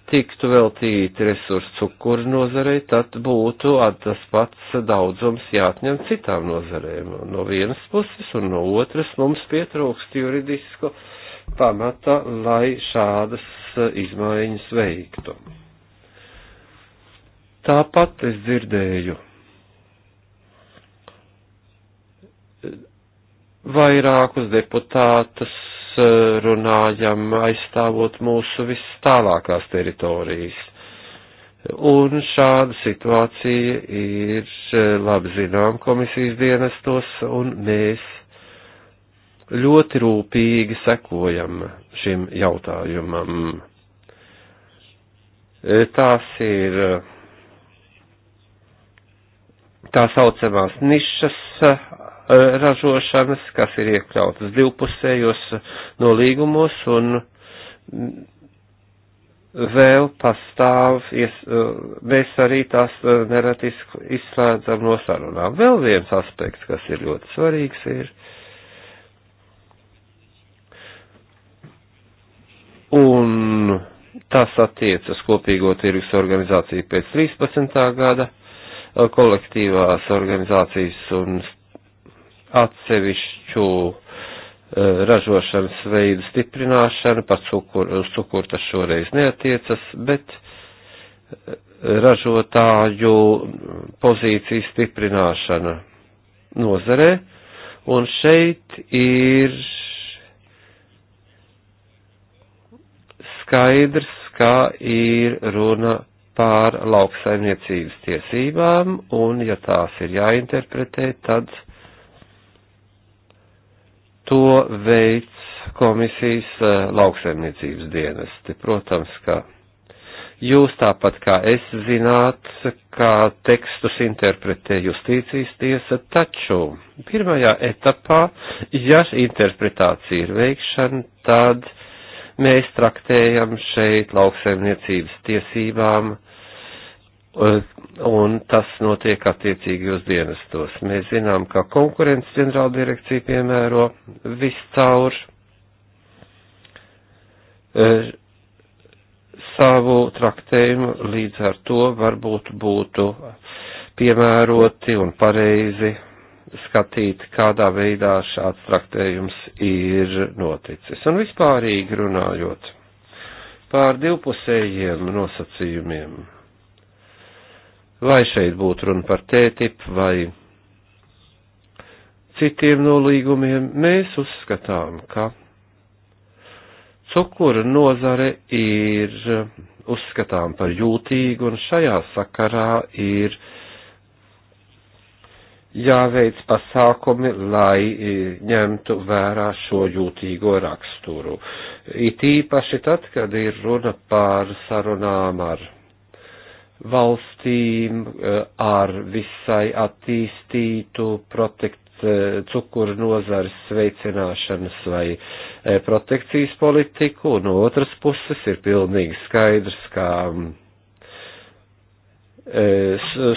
tiktu veltīti resursi cukuru nozarei, tad būtu tas pats daudzums jāatņem citām nozarēm. No vienas puses un no otras mums pietrūkst juridisko pamata, lai šādas izmaiņas veiktu. Tāpat es dzirdēju vairākus deputātus runājam aizstāvot mūsu viss tālākās teritorijas. Un šāda situācija ir e, labi zinām komisijas dienestos, un mēs ļoti rūpīgi sekojam šim jautājumam. E, tās ir e, tā saucamās nišas Eh, ražošanas, kas ir iekļautas divpusējos eh, nolīgumos un mm, vēl pastāv, ies, eh, mēs arī tās nereti izslēdzam no sarunām. Vēl viens aspekts, kas ir ļoti svarīgs, ir. Un tas attiecas kopīgo tirgus organizāciju pēc 13. gada kolektīvās organizācijas un atsevišķu eh, ražošanas veidu stiprināšana, par cukuru, uz cukuru tas šoreiz neatiecas, bet eh, ražotāju pozīciju stiprināšana nozarē, un šeit ir skaidrs, kā ir runa pār lauksaimniecības tiesībām, un ja tās ir jāinterpretē, tad To veids komisijas eh, lauksaimniecības dienesti. Protams, ka jūs tāpat kā es zināt, kā tekstus interpretē justīcijas tiesa, taču pirmajā etapā, ja interpretācija ir veikšana, tad mēs traktējam šeit lauksaimniecības tiesībām Eh, un tas notiek attiecīgajos dienestos. Mēs zinām, ka konkurences ģenerāldirekcija piemēro viscaur eh, savu traktējumu, līdz ar to varbūt būtu piemēroti un pareizi skatīt, kādā veidā šāds traktējums ir noticis. Un vispārīgi runājot pār divpusējiem nosacījumiem Vai šeit būtu runa par tētip vai citiem nolīgumiem, mēs uzskatām, ka cukura nozare ir uzskatām par jūtīgu un šajā sakarā ir jāveic pasākumi, lai e, ņemtu vērā šo jūtīgo raksturu. It īpaši tad, kad ir runa par sarunām ar valstīm eh, ar visai attīstītu protekt eh, cukuru nozares veicināšanas vai eh, protekcijas politiku, un no otras puses ir pilnīgi skaidrs, ka mm,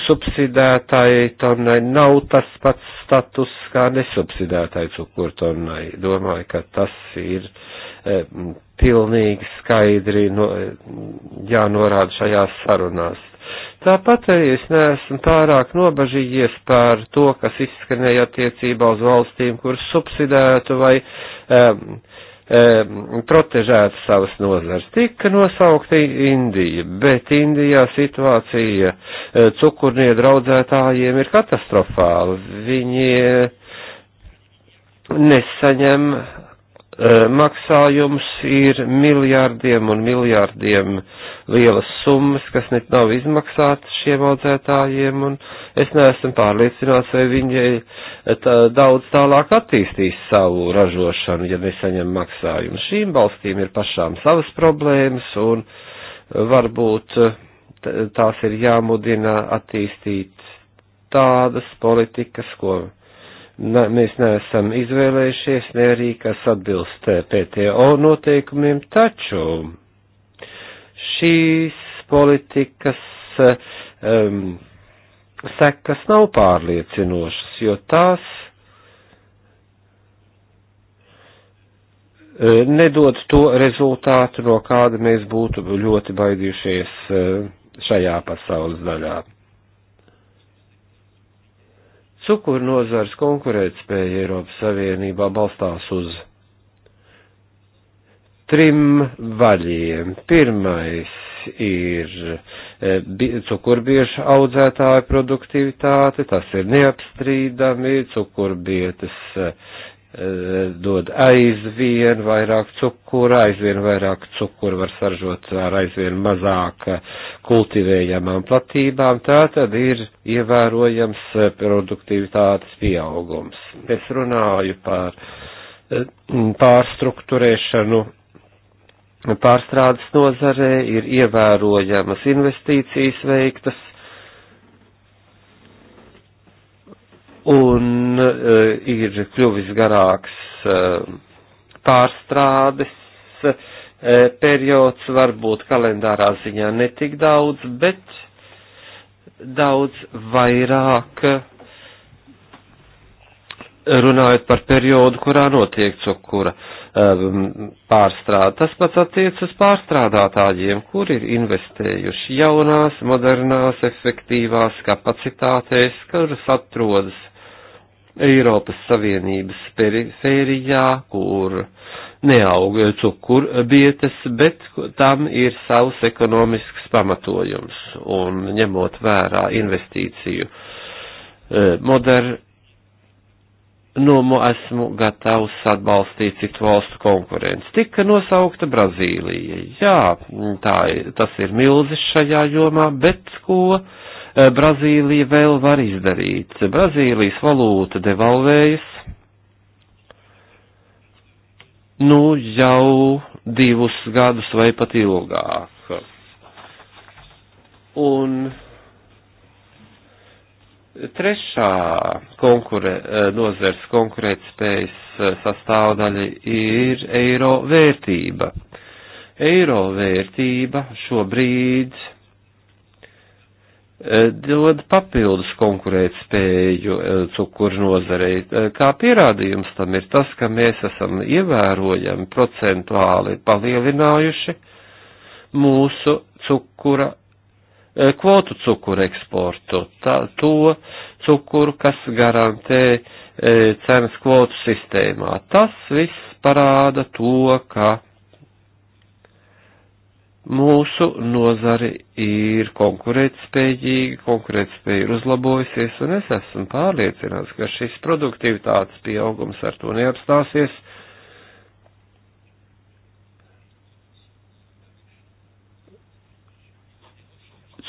subsidētāji tonai nav tas pats status kā nesubsidētāji cukuru tonai. Domāju, ka tas ir pilnīgi skaidri no, jānorāda šajās sarunās Tāpat arī es neesmu pārāk nobažījies par to, kas izskanēja attiecībā uz valstīm, kuras subsidētu vai um, um, protežētu savas nozars. Tika nosaukti Indija, bet Indijā situācija eh, cukurniedraudzētājiem ir katastrofāla. Viņi nesaņem Eh, maksājums ir miljārdiem un miljārdiem lielas summas, kas net nav izmaksātas šiem audzētājiem, un es neesmu pārliecināts, vai viņi eh, tā, daudz tālāk attīstīs savu ražošanu, ja nesaņem maksājumu. Šīm valstīm ir pašām savas problēmas, un varbūt eh, tās ir jāmudina attīstīt tādas politikas, ko na, mēs neesam izvēlējušies, ne arī kas atbilst eh, PTO noteikumiem, taču šīs politikas um, sekas nav pārliecinošas, jo tās eh, nedod to rezultātu, no kāda mēs būtu ļoti baidījušies šajā pasaules daļā. Cukuru nozars konkurētspēja Eiropas Savienībā balstās uz trim vaļiem. Pirmais ir eh, cukurbiešu audzētāju produktivitāte, tas ir neapstrīdami, cukurbietes eh, Eh, dod aizvien vairāk cukura, aizvien vairāk cukura var saržot ar aizvien mazāk kultivējamām platībām, tā tad ir ievērojams produktivitātes pieaugums. Es runāju par eh, pārstruktūrēšanu pārstrādes nozarē, ir ievērojamas investīcijas veiktas, un uh, ir kļuvis garāks uh, pārstrādes uh, periods, varbūt kalendārā ziņā netik daudz, bet daudz vairāk runājot par periodu, kurā notiek cukura um, pārstrāde. Tas pats attiec uz pārstrādātājiem, kur ir investējuši jaunās, modernās, efektīvās kapacitātēs, kuras atrodas Eiropas Savienības perifērijā, kur neaug cukurbietes, bet tam ir savs ekonomisks pamatojums. Un ņemot vērā investīciju e, modernumu, esmu gatavs atbalstīt citu valstu konkurenci. Tika nosaukta Brazīlija. Jā, tā, tas ir milzis šajā jomā, bet ko Eh, Brazīlija vēl var izdarīt. Brazīlijas valūta devalvējas nu jau divus gadus vai pat ilgāk. Un trešā konkure, eh, nozars konkurētspējas eh, sastāvdaļa ir eiro vērtība. Eiro vērtība šobrīd E, dod papildus konkurētspēju e, cukuru nozarei. E, kā pierādījums tam ir tas, ka mēs esam ievērojami procentuāli palielinājuši mūsu cukura, kvotu cukuru eksportu, tā, to cukuru, kas garantē e, cenas kvotu sistēmā. Tas viss parāda to, ka mūsu nozari ir konkurētspējīga, konkurētspēja ir uzlabojusies, un es esmu pārliecināts, ka šis produktivitātes pieaugums ar to neapstāsies.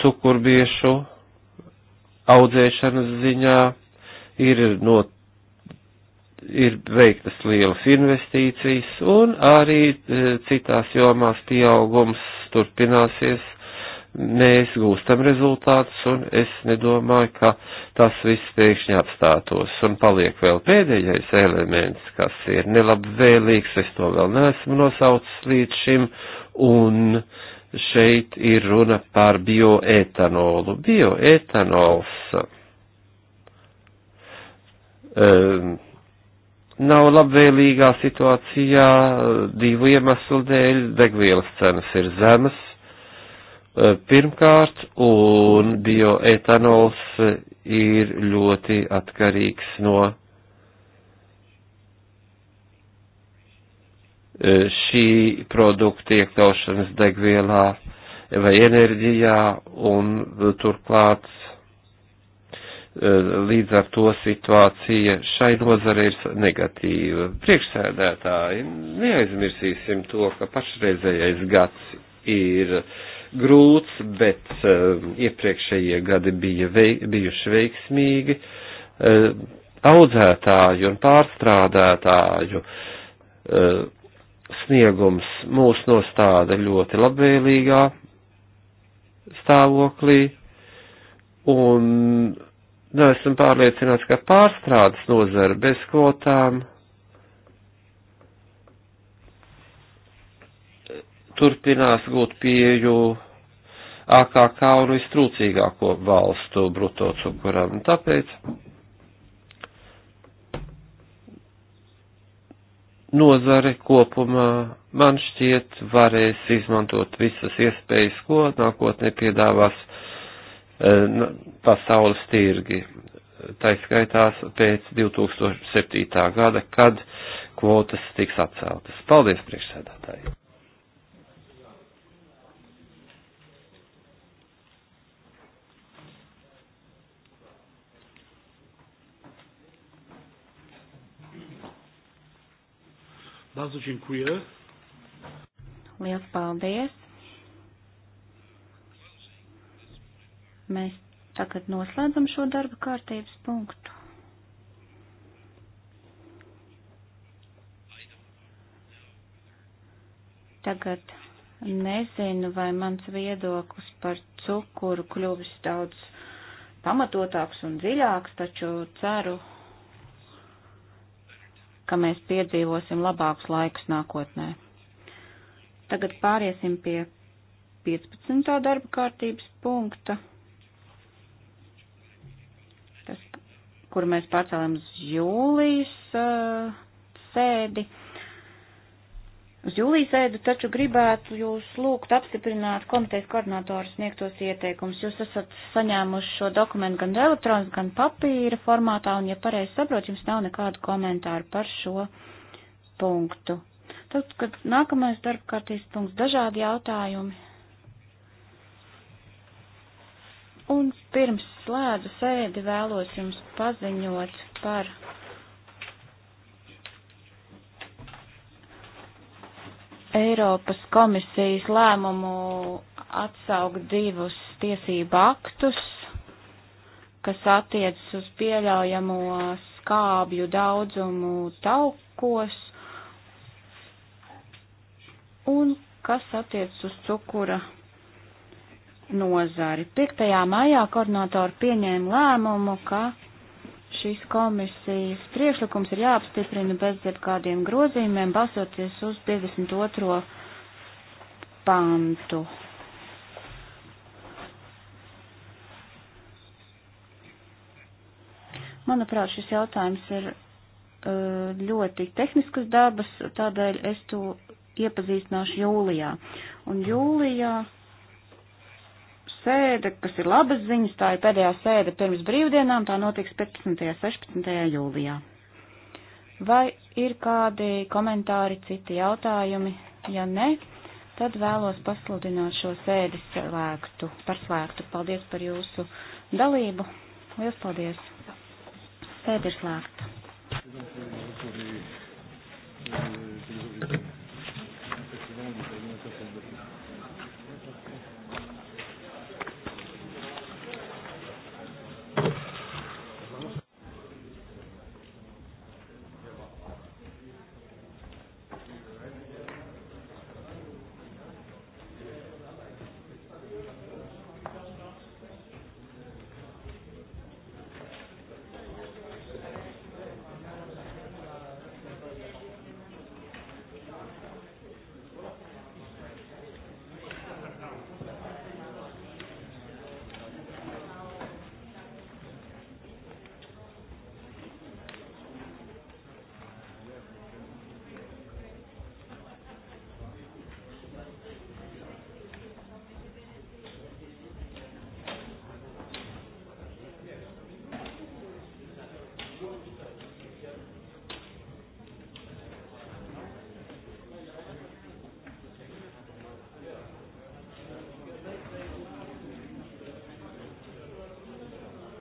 Cukurbiešu audzēšanas ziņā ir notiekts ir veiktas lielas investīcijas un arī eh, citās jomās pieaugums turpināsies, mēs gūstam rezultātus, un es nedomāju, ka tas viss pēkšņi apstātos. Un paliek vēl pēdējais elements, kas ir nelabvēlīgs, es to vēl neesmu nosaucis līdz šim, un šeit ir runa par bioetanolu. Bioetanols. Um, nav labvēlīgā situācijā divu iemeslu dēļ. Degvielas cenas ir zemas, e, pirmkārt, un bioetanols ir ļoti atkarīgs no e, šī produkta iekļaušanas degvielā vai enerģijā, un turklāt Eh, līdz ar to situācija šai nozare ir negatīva. Priekšsēdētāji, neaizmirsīsim to, ka pašreizējais gads ir grūts, bet uh, iepriekšējie gadi bija vei, bijuši veiksmīgi. Uh, audzētāju un pārstrādētāju uh, sniegums mūs nostāda ļoti labvēlīgā stāvoklī, un neesmu nu, pārliecināts, ka pārstrādes nozara bez kvotām eh, turpinās gūt pieju AKK un vistrūcīgāko valstu bruto cukuram. Tāpēc nozare kopumā man šķiet varēs izmantot visas iespējas, ko nākotnē piedāvās uh, Eh, pasaules tirgi. Taiskaitās pēc 2007. gada, kad kvotas tiks atceltas. Paldies, priekšsēdētāji! Bardzo dziękuję. Liels paldies. Mēs tagad noslēdzam šo darba kārtības punktu. Tagad nezinu, vai mans viedoklis par cukuru kļuvis daudz pamatotāks un dziļāks, taču ceru, ka mēs piedzīvosim labākus laikus nākotnē. Tagad pāriesim pie 15. darba kārtības punkta. kur mēs pārcēlām uz jūlijas uh, sēdi. Uz jūlijas sēdu taču gribētu jūs lūgt apstiprināt komitejas koordinātoru sniegtos ieteikumus. Jūs esat saņēmuši šo dokumentu gan elektrons, gan papīra formātā, un, ja pareizi saprotu, jums nav nekādu komentāru par šo punktu. Tad, kad nākamais darbkārtīs punkts dažādi jautājumi, Un pirms slēdzu sēdi vēlos jums paziņot par Eiropas komisijas lēmumu atsaukt divus tiesību aktus, kas attiecas uz pieļaujamo skābju daudzumu taukos un kas attiecas uz cukura nozari. 5. maijā koordinātori pieņēma lēmumu, ka šīs komisijas priekšlikums ir jāapstiprina bez jebkādiem grozījumiem, balsoties uz 52. pantu. Manuprāt, šis jautājums ir uh, ļoti tehniskas dabas, tādēļ es to iepazīstināšu jūlijā. Un jūlijā sēde, kas ir labas ziņas, tā ir pēdējā sēde pirms brīvdienām, tā notiks 15. un 16. jūlijā. Vai ir kādi komentāri, citi jautājumi? Ja ne, tad vēlos pasludināt šo sēdi slēgtu, par slēgtu. Paldies par jūsu dalību. Lielas paldies. Sēdi ir slēgta.